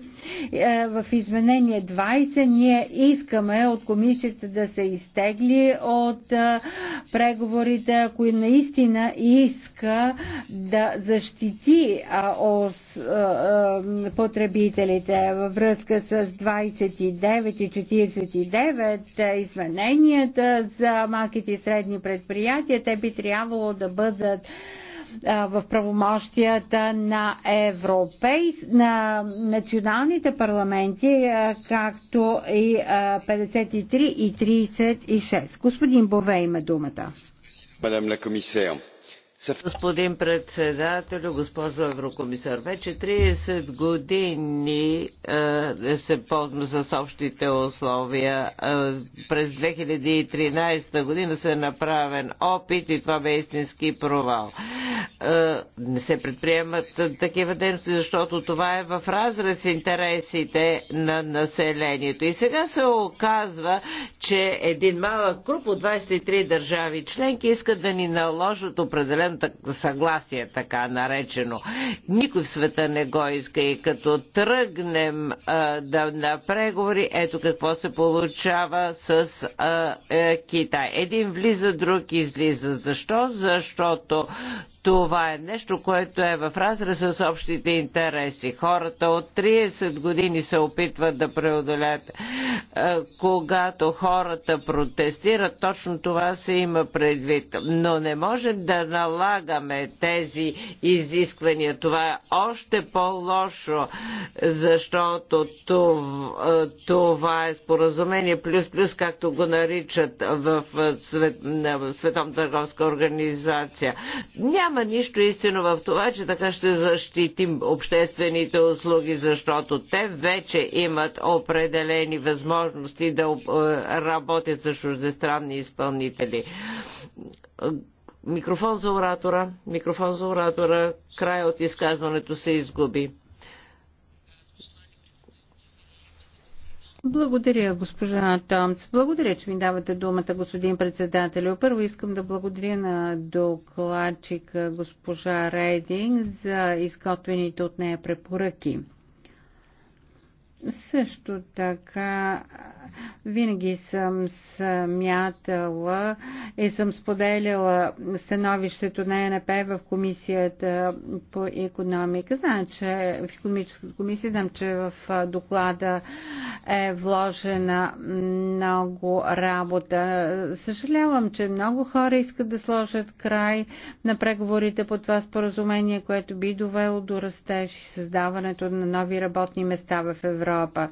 е, в изменение 20 ние искаме от комисията да се изтегли от е, преговорите, ако наистина иска да защити е, потребителите във връзка с 29 и 49 измененията за малките и средни предприятия. Те би трябвало да бъдат в правомощията на европей, на националните парламенти, както и 53 и 36. Господин Бове има думата. Мадам ла комисар, Господин председател, госпожо Еврокомисар, вече 30 години а, е, се ползвам с общите условия. А, през 2013 година се е направен опит и това бе истински провал. А, не се предприемат такива дейности, защото това е в разрез интересите на населението. И сега се оказва, че един малък груп от 23 държави членки искат да ни наложат определен двустранно съгласие, така наречено. Никой в света не го иска и като тръгнем а, да, на преговори, ето какво се получава с а, е, Китай. Един влиза, друг излиза. Защо? Защото това е нещо, което е в разрез с общите интереси. Хората от 30 години се опитват да преодолят. Е, когато хората протестират, точно това се има предвид. Но не можем да налагаме тези изисквания. Това е още по-лошо, защото е, това е споразумение плюс-плюс, както го наричат в е, Световната търговска организация. Няма няма нищо истино в това, че така ще защитим обществените услуги, защото те вече имат определени възможности да е, работят с чуждестранни изпълнители. Микрофон за оратора. Микрофон за оратора. Край от изказването се изгуби. Благодаря, госпожа Томц. Благодаря, че ми давате думата, господин председател. Първо искам да благодаря на докладчика госпожа Рейдинг за изготвените от нея препоръки. Също така винаги съм смятала и съм споделяла становището на ЕНП в комисията по економика. Знам, че в економическата комисия, знам, че в доклада е вложена много работа. Съжалявам, че много хора искат да сложат край на преговорите по това споразумение, което би довело до растеж и създаването на нови работни места в Европа. Европа.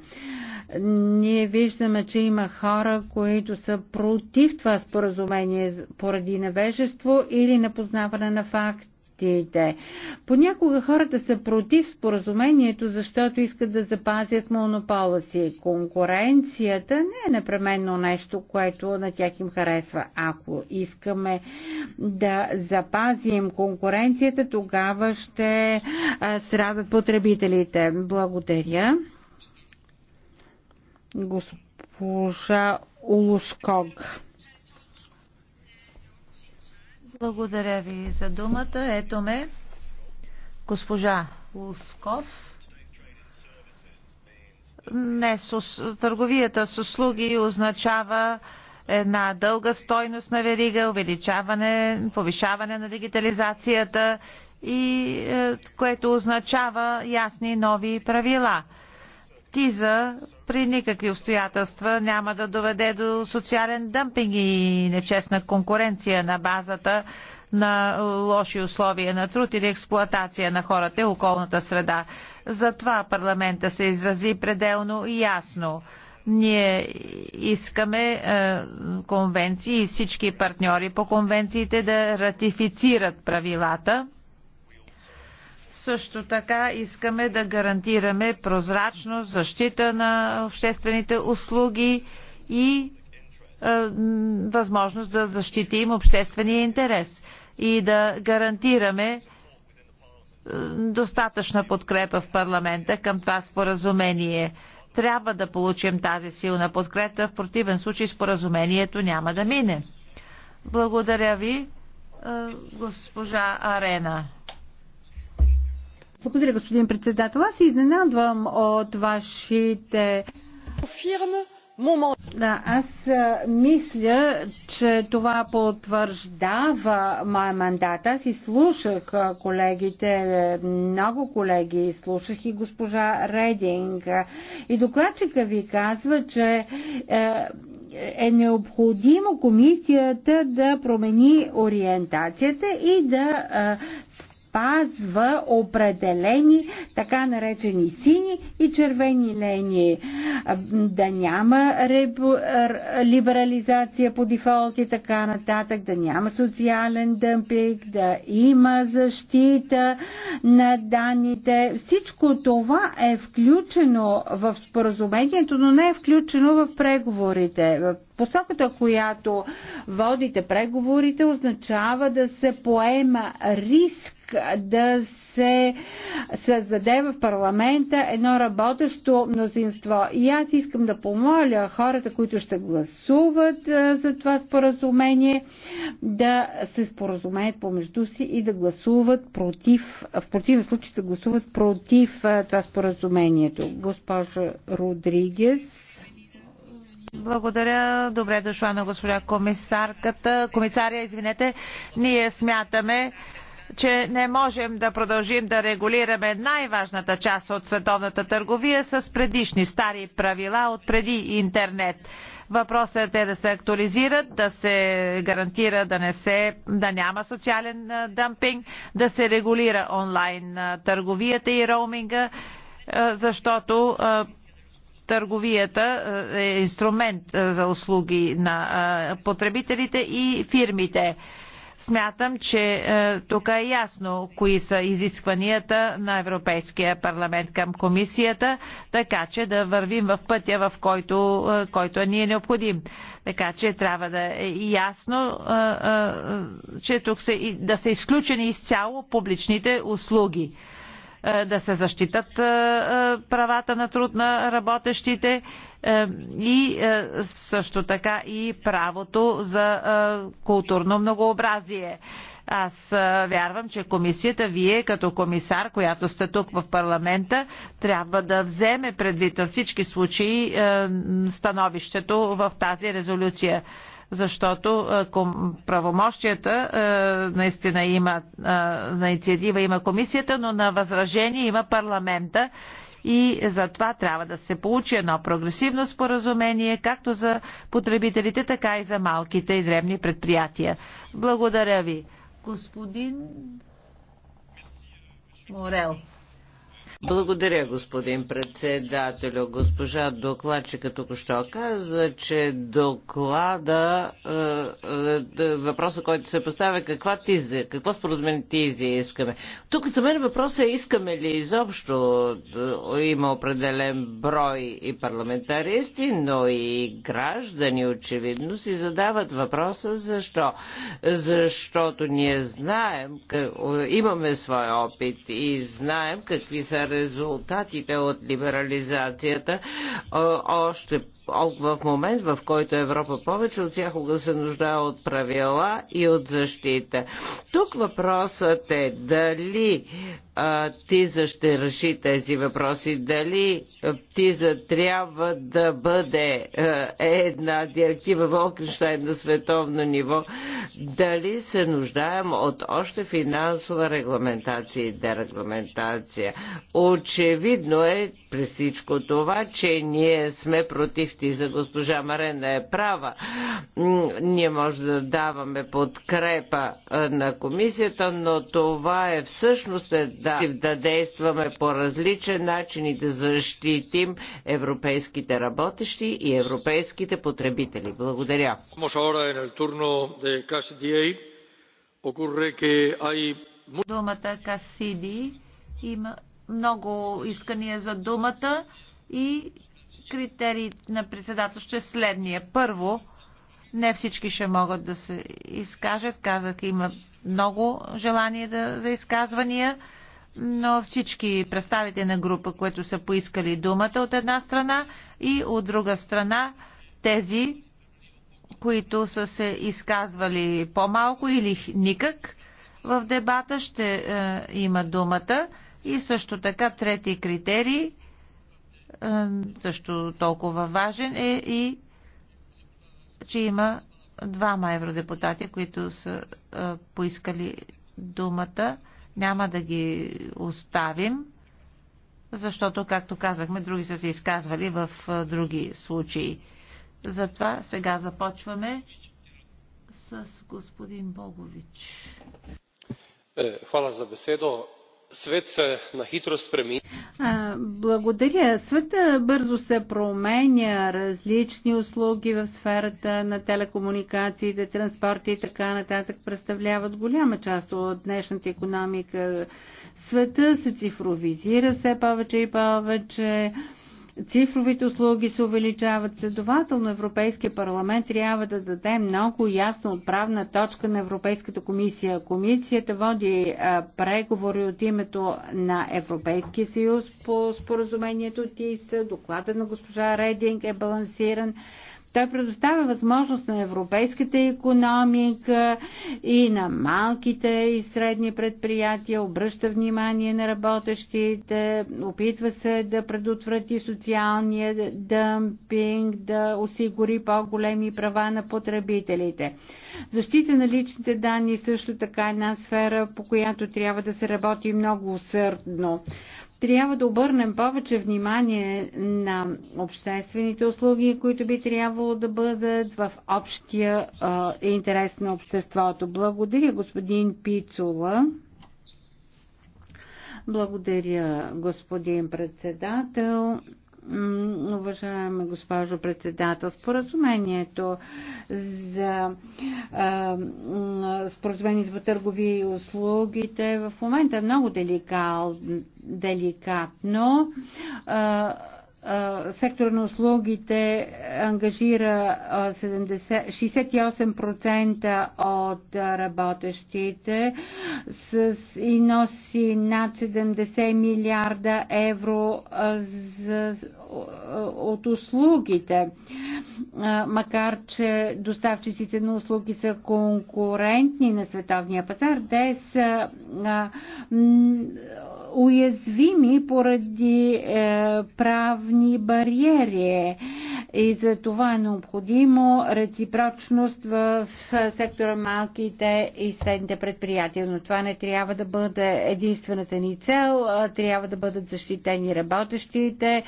Ние виждаме, че има хора, които са против това споразумение поради невежество или непознаване на факт Понякога хората са против споразумението, защото искат да запазят монопола си. Конкуренцията не е непременно нещо, което на тях им харесва. Ако искаме да запазим конкуренцията, тогава ще срадат потребителите. Благодаря госпожа Улушког. Благодаря ви за думата. Ето ме. Госпожа Лусков. Не, с, търговията с услуги означава една дълга стойност на верига, увеличаване, повишаване на дигитализацията и е, което означава ясни нови правила експертиза при никакви обстоятелства няма да доведе до социален дъмпинг и нечестна конкуренция на базата на лоши условия на труд или експлоатация на хората и околната среда. Затова парламента се изрази пределно ясно. Ние искаме е, конвенции и всички партньори по конвенциите да ратифицират правилата също така искаме да гарантираме прозрачност, защита на обществените услуги и е, възможност да защитим обществения интерес и да гарантираме е, достатъчна подкрепа в парламента към това споразумение. Трябва да получим тази силна подкрепа, в противен случай споразумението няма да мине. Благодаря ви, е, госпожа Арена. Благодаря, господин председател. Аз се изненадвам от вашите да, аз мисля, че това потвърждава моя мандат. Аз и слушах колегите, много колеги, слушах и госпожа Рединг. И докладчика ви казва, че е необходимо комисията да промени ориентацията и да спазва определени така наречени сини и червени линии. Да няма р, либерализация по дефолт и така нататък, да няма социален дъмпинг, да има защита на данните. Всичко това е включено в споразумението, но не е включено в преговорите. В посоката, която водите преговорите, означава да се поема риск да се създаде в парламента едно работещо мнозинство. И аз искам да помоля хората, които ще гласуват за това споразумение, да се споразумеят помежду си и да гласуват против, в противен случай да гласуват против това споразумението. Госпожа Родригес. Благодаря. Добре дошла на госпожа комисарката. Комисария, извинете. Ние смятаме, че не можем да продължим да регулираме най-важната част от световната търговия с предишни стари правила от преди интернет. Въпросът е да се актуализират, да се гарантира да, не се, да няма социален дъмпинг, да се регулира онлайн търговията и роуминга, защото търговията е инструмент за услуги на потребителите и фирмите. Смятам, че е, тук е ясно кои са изискванията на Европейския парламент към комисията, така че да вървим в пътя, в който, е, който ни е необходим. Така че трябва да е ясно, е, че тук се, да са изключени изцяло публичните услуги. Е, да се защитат е, е, правата на труд на работещите и също така и правото за културно многообразие. Аз вярвам, че комисията, вие като комисар, която сте тук в парламента, трябва да вземе предвид във всички случаи становището в тази резолюция защото е, правомощията е, наистина има, е, на инициатива има комисията, но на възражение има парламента и затова трябва да се получи едно прогресивно споразумение, както за потребителите, така и за малките и древни предприятия. Благодаря ви. Господин Морел. Благодаря, господин председател, Госпожа докладчика току-що каза, че доклада, е, е, е въпроса, който се поставя, каква тиза, какво споразумение тизи искаме. Тук за мен въпросът е искаме ли изобщо е, има определен брой и парламентаристи, но и граждани очевидно си задават въпроса защо. Защото ние знаем, е, имаме своя опит и знаем какви са резултатите от либерализацията още в момент, в който Европа повече от всякога се нуждае от правила и от защита. Тук въпросът е дали а, Тиза ще реши тези въпроси, дали Тиза трябва да бъде а, е една директива Волкенштайн на световно ниво, дали се нуждаем от още финансова регламентация и дерегламентация. Очевидно е при всичко това, че ние сме против за госпожа Марена е права. Ние може да даваме подкрепа на комисията, но това е всъщност е да, да действаме по различен начин и да защитим европейските работещи и европейските потребители. Благодаря. Думата Касиди има много искания за думата и Критерии на председателство е следния. Първо, не всички ще могат да се изкажат. Казах, има много желание да, за изказвания, но всички представите на група, които са поискали думата от една страна и от друга страна тези, които са се изказвали по-малко или никак в дебата, ще е, има думата. И също така трети критерий – също толкова важен е и, че има двама евродепутати, които са поискали думата. Няма да ги оставим, защото, както казахме, други са се изказвали в други случаи. Затова сега започваме с господин Богович. Е, хвала за беседо. Свет се на хитро спреми. Благодаря. Света бързо се променя. Различни услуги в сферата на телекомуникациите, транспорта и така нататък представляват голяма част от днешната економика. Света се цифровизира все повече и повече. Цифровите услуги се увеличават. Следователно Европейския парламент трябва да даде много ясна отправна точка на Европейската комисия. Комисията води преговори от името на Европейския съюз по споразумението ТИС. Доклада на госпожа Рединг е балансиран. Той предоставя възможност на европейската економика и на малките и средни предприятия, обръща внимание на работещите, опитва се да предотврати социалния дъмпинг, да осигури по-големи права на потребителите. Защита на личните данни е също така е една сфера, по която трябва да се работи много усърдно. Трябва да обърнем повече внимание на обществените услуги, които би трябвало да бъдат в общия а, интерес на обществото. Благодаря, господин Пицула. Благодаря, господин председател. Уважаема госпожо председател, споразумението за споразумението по търговия и услугите в момента е много деликатно. А, сектора на услугите ангажира 68% от работещите с, и носи над 70 милиарда евро за от услугите. Макар, че доставчиците на услуги са конкурентни на световния пазар, те са уязвими поради е, правни бариери. И за това е необходимо реципрочност в сектора малките и средните предприятия. Но това не трябва да бъде единствената ни цел. Трябва да бъдат защитени работещите,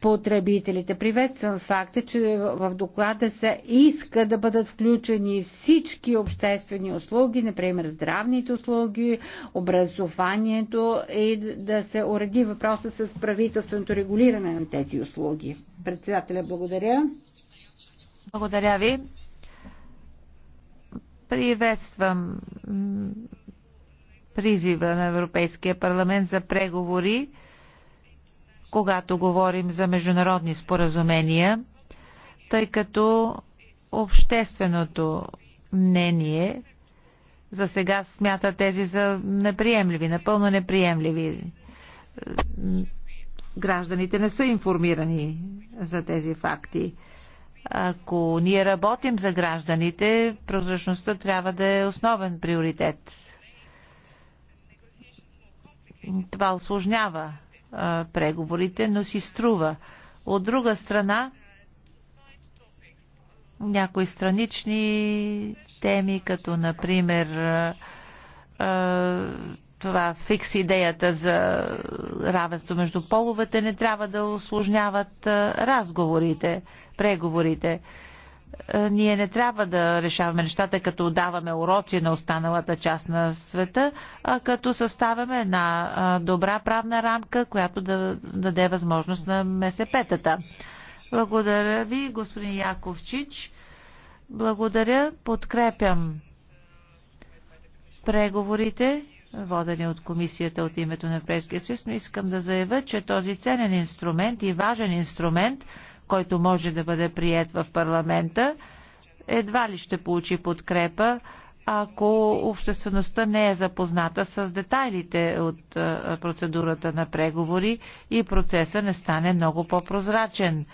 потребителите. Приветствам факта, че в доклада се иска да бъдат включени всички обществени услуги, например здравните услуги, образованието и да се уреди въпроса с правителственото регулиране на тези услуги. Председателя, благодаря. Благодаря ви. Приветствам призива на Европейския парламент за преговори когато говорим за международни споразумения, тъй като общественото мнение за сега смята тези за неприемливи, напълно неприемливи. Гражданите не са информирани за тези факти. Ако ние работим за гражданите, прозрачността трябва да е основен приоритет. Това осложнява преговорите, но си струва. От друга страна, някои странични теми, като например това фикс идеята за равенство между половете не трябва да осложняват разговорите, преговорите. Е, ние не трябва да решаваме нещата, като даваме уроци на останалата част на света, а като съставяме една добра правна рамка, която да даде възможност на МСП-тата. Благодаря ви, господин Яковчич. Благодаря, подкрепям преговорите, водени от комисията от името на Европейския съюз, но искам да заявя, че този ценен инструмент и важен инструмент – който може да бъде прият в парламента, едва ли ще получи подкрепа, ако обществеността не е запозната с детайлите от процедурата на преговори и процеса не стане много по-прозрачен.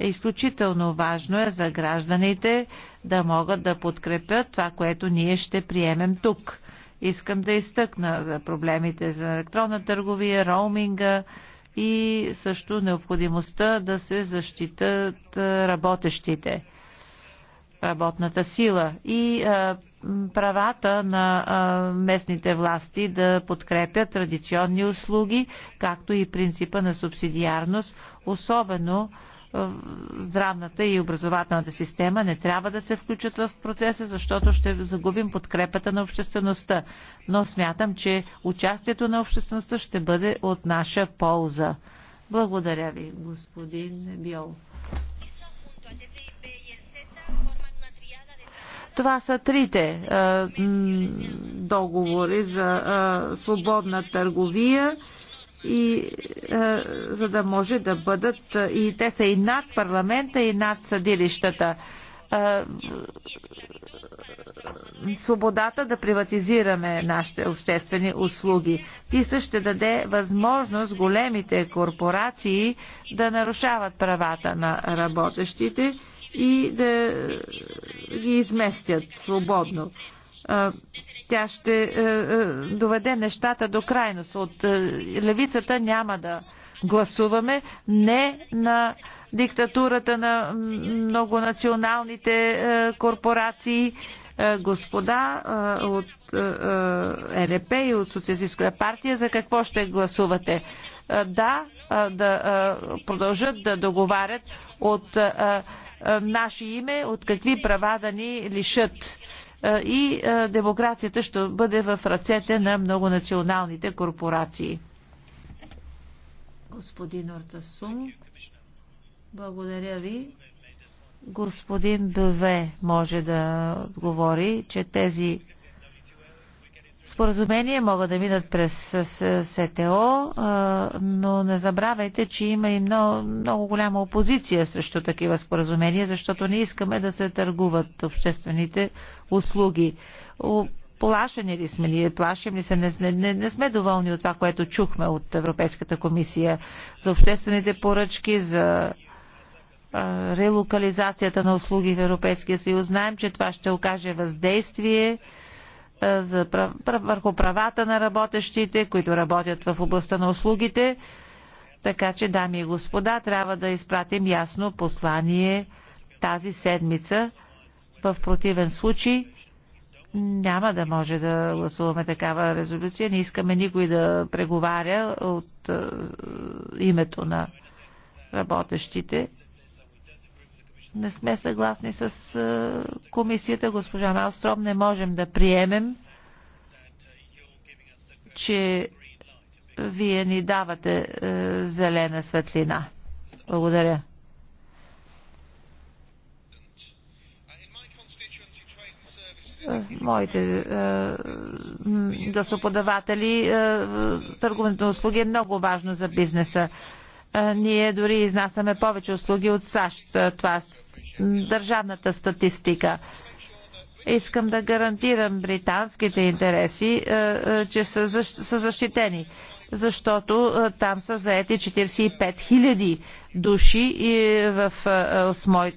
Изключително важно е за гражданите да могат да подкрепят това, което ние ще приемем тук. Искам да изтъкна за проблемите за електронна търговия, роуминга, и също необходимостта да се защитат работещите, работната сила и правата на местните власти да подкрепят традиционни услуги, както и принципа на субсидиарност, особено здравната и образователната система не трябва да се включат в процеса, защото ще загубим подкрепата на обществеността. Но смятам, че участието на обществеността ще бъде от наша полза. Благодаря ви, господин Биол. Това са трите а, договори за а, свободна търговия и е, за да може да бъдат е, и те са и над парламента и над съдилищата е, свободата да приватизираме нашите обществени услуги. Ти също ще даде възможност големите корпорации да нарушават правата на работещите и да ги изместят свободно тя ще е, е, доведе нещата до крайност. От е, левицата няма да гласуваме не на диктатурата на многонационалните корпорации. Господа от ЕРП и от Социалистическа партия, за какво ще гласувате? Да, да продължат да договарят от наше име, от какви права да ни лишат и демокрацията ще бъде в ръцете на многонационалните корпорации. Господин Ортасум, благодаря ви. Господин Беве може да говори, че тези споразумения могат да минат през СТО, но не забравяйте, че има и много, много голяма опозиция срещу такива споразумения, защото не искаме да се търгуват обществените услуги. Плашени ли сме ние, плашим ли се, не, не, не сме доволни от това, което чухме от Европейската комисия за обществените поръчки, за релокализацията на услуги в Европейския съюз. Знаем, че това ще окаже въздействие за прав... върху правата на работещите, които работят в областта на услугите. Така че, дами и господа, трябва да изпратим ясно послание тази седмица. В противен случай няма да може да гласуваме такава резолюция. Не искаме никой да преговаря от е, името на работещите не сме съгласни с е, комисията, госпожа Малстром, не можем да приемем, че вие ни давате е, зелена светлина. Благодаря. моите е, гласоподаватели, е, на услуги е много важно за бизнеса. Е, ние дори изнасяме повече услуги от САЩ. Това държавната статистика. Искам да гарантирам британските интереси, е, е, че са защитени, защото е, там са заети 45 000 души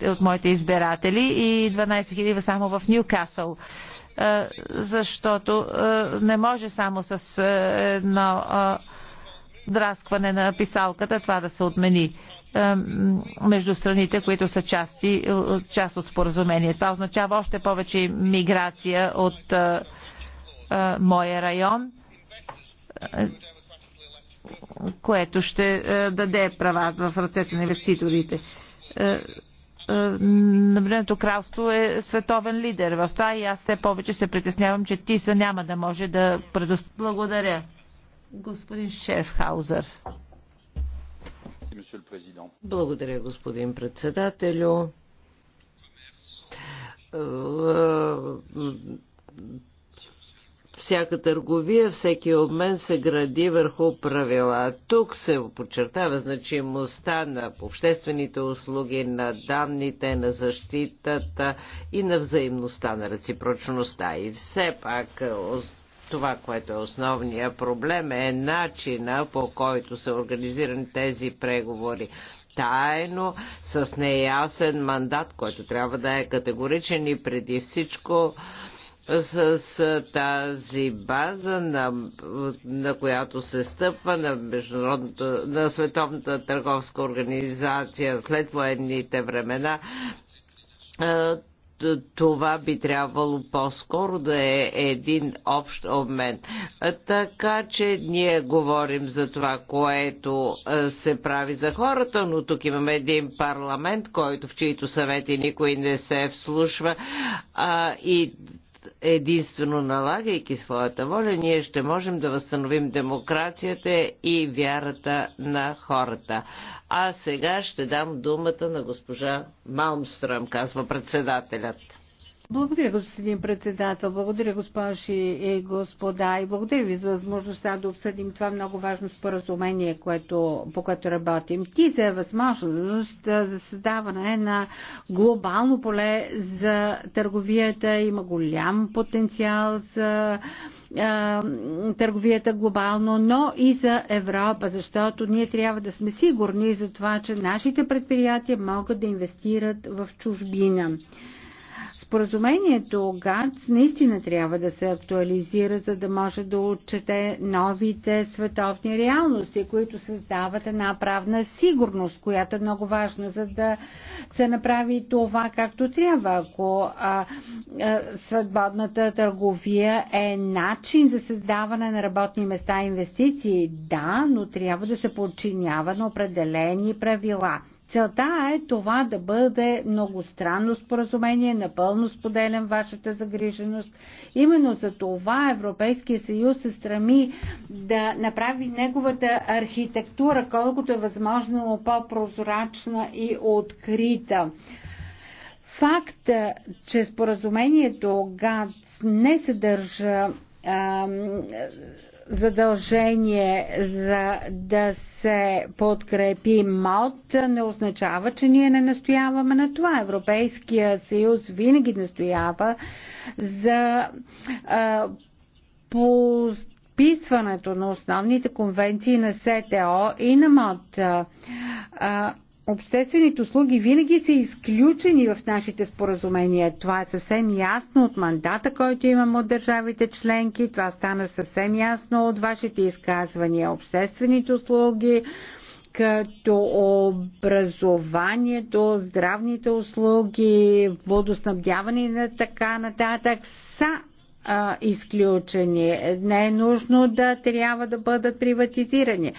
от моите избиратели и 12 000 само в Ньюкасъл защото не може само с едно драскване на писалката това да се отмени между страните, които са части, е, част от споразумение. Това означава още повече миграция от е, е, моя район което ще даде права в ръцете на инвеститорите. Наблюденото кралство е световен лидер в това и аз все повече се притеснявам, че ТИСА няма да може да предоставя. Благодаря. Господин Шерфхаузер. Благодаря, господин председателю всяка търговия, всеки обмен се гради върху правила. Тук се подчертава значимостта на обществените услуги, на данните, на защитата и на взаимността, на реципрочността. И все пак това, което е основният проблем, е начина по който са организирани тези преговори тайно, с неясен мандат, който трябва да е категоричен и преди всичко с тази база, на, на която се стъпва на, международната, на Световната търговска организация след военните времена това би трябвало по-скоро да е един общ обмен. Така че ние говорим за това, което се прави за хората, но тук имаме един парламент, който в чието съвети никой не се вслушва а, и единствено налагайки своята воля, ние ще можем да възстановим демокрацията и вярата на хората. А сега ще дам думата на госпожа Малмстрам, казва председателят. Благодаря, господин председател. Благодаря, госпожи и господа. И благодаря ви за възможността да обсъдим това много важно споразумение, което, по което работим. Ти за е възможност за създаване на глобално поле за търговията. Има голям потенциал за търговията глобално, но и за Европа, защото ние трябва да сме сигурни за това, че нашите предприятия могат да инвестират в чужбина. Споразумението ГАЦ наистина трябва да се актуализира, за да може да отчете новите световни реалности, които създават една правна сигурност, която е много важна, за да се направи това както трябва. Ако а, а, свободната търговия е начин за създаване на работни места и инвестиции, да, но трябва да се подчинява на определени правила. Целта е това да бъде многостранно споразумение, напълно споделям вашата загриженост. Именно за това Европейския съюз се страми да направи неговата архитектура, колкото е възможно по-прозрачна и открита. Факт, че споразумението ГАЦ не съдържа задължение за да се подкрепи МОД, не означава, че ние не настояваме на това. Европейския съюз винаги настоява за а, по подписването на основните конвенции на СТО и на МОД обществените услуги винаги са изключени в нашите споразумения. Това е съвсем ясно от мандата, който имам от държавите членки. Това стана съвсем ясно от вашите изказвания. Обществените услуги, като образованието, здравните услуги, водоснабдяване и на така нататък са а, изключени. Не е нужно да трябва да бъдат приватизирани.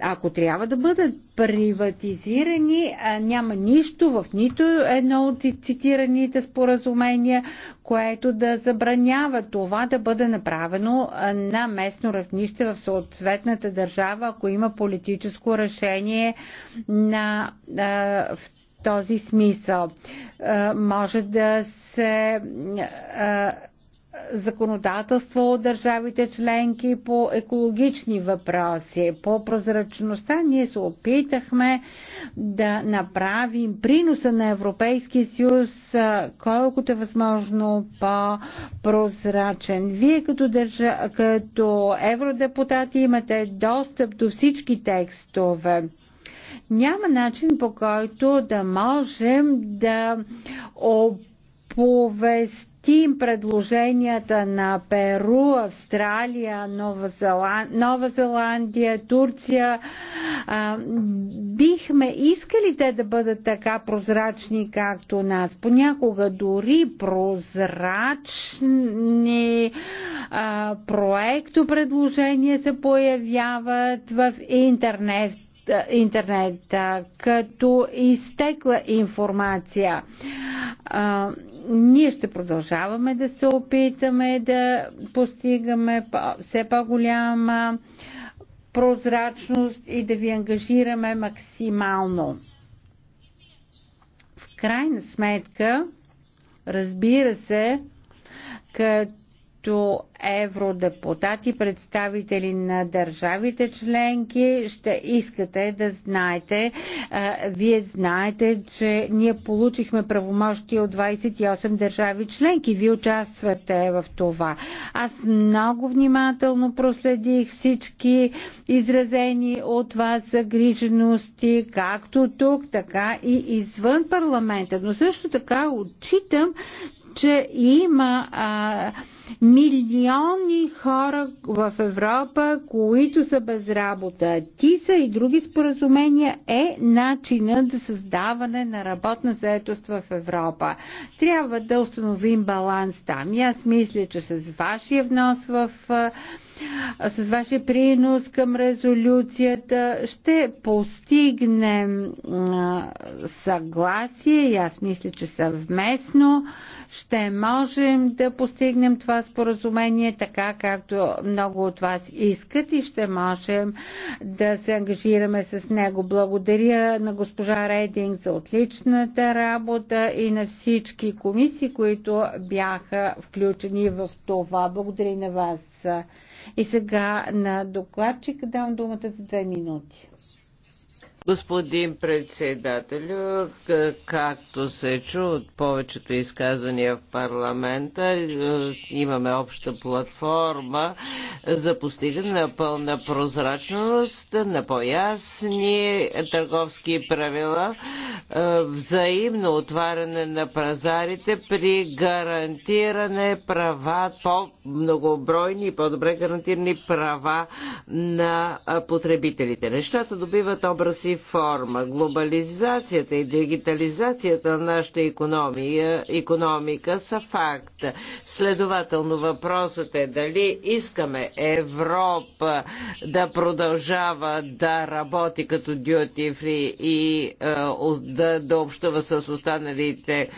Ако трябва да бъдат приватизирани, а, няма нищо в нито едно от цитираните споразумения, което да забранява това да бъде направено на местно равнище в съответната държава, ако има политическо решение на а, този смисъл. Може да се законодателство от държавите членки по екологични въпроси, по прозрачността. Ние се опитахме да направим приноса на Европейския съюз колкото е възможно по-прозрачен. Вие като, държа, като евродепутати имате достъп до всички текстове няма начин по който да можем да оповестим им предложенията на Перу, Австралия, Нова, Зеланд... Нова Зеландия, Турция, а, бихме искали те да бъдат така прозрачни, както нас. Понякога дори прозрачни проекто предложения се появяват в интернет интернет, като изтекла информация. А, ние ще продължаваме да се опитаме да постигаме все по-голяма прозрачност и да ви ангажираме максимално. В крайна сметка, разбира се, като като евродепутати, представители на държавите членки, ще искате да знаете. Вие знаете, че ние получихме правомощи от 28 държави членки. Вие участвате в това. Аз много внимателно проследих всички изразени от вас загрижености, както тук, така и извън парламента. Но също така отчитам, че има а, милиони хора в Европа, които са без работа. ТИСА и други споразумения е начинът за създаване на работна заетост в Европа. Трябва да установим баланс там. И аз мисля, че с вашия внос в с вашия принос към резолюцията ще постигнем съгласие и аз мисля, че съвместно ще можем да постигнем това споразумение, така както много от вас искат и ще можем да се ангажираме с него. Благодаря на госпожа Рейдинг за отличната работа и на всички комисии, които бяха включени в това. Благодаря на вас. И сега на докладчик давам думата за две минути. Господин председател, както се чу от повечето изказвания в парламента, имаме обща платформа за постигане на пълна прозрачност, на по-ясни търговски правила, е, взаимно отваряне на пазарите при гарантиране права, по-многобройни и по-добре гарантирани права на потребителите. Нещата добиват образ и реформа, форма. Глобализацията и дигитализацията на нашата економия, економика са факт. Следователно въпросът е дали искаме Европа да продължава да работи като duty free и е, да, да общува с останалите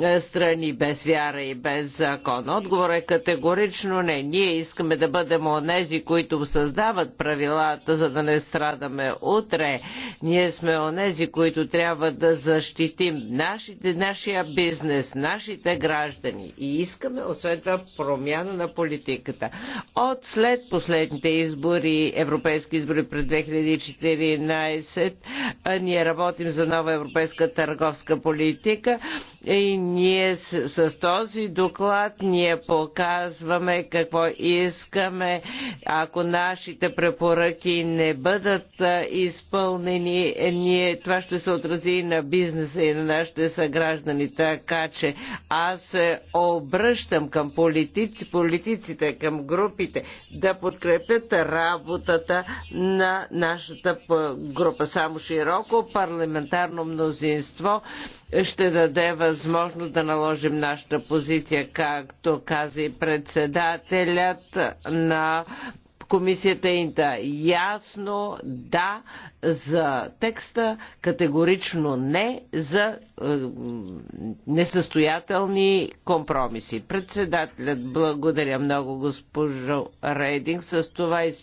е, страни без вяра и без закон. Отговор е категорично не. Ние искаме да бъдем онези, които създават правилата, за да не страдаме утре. Ние сме онези, които трябва да защитим нашите, нашия бизнес, нашите граждани. И искаме, освен това, промяна на политиката. От след последните избори, европейски избори пред 2014, ние работим за нова европейска търговска политика и ние с, с този доклад ние показваме какво искаме. Ако нашите препоръки не бъдат изпълнени, е, ние, това ще се отрази и на бизнеса и на нашите съграждани. Така че аз се обръщам към политици, политиците, към групите да подкрепят работата на нашата група. Само широко парламентарно мнозинство ще даде възможност възможност да наложим нашата позиция, както каза и председателят на комисията Инта. Ясно да за текста, категорично не за е, несъстоятелни компромиси. Председателят благодаря много госпожо Рейдинг. С това изчерпваме.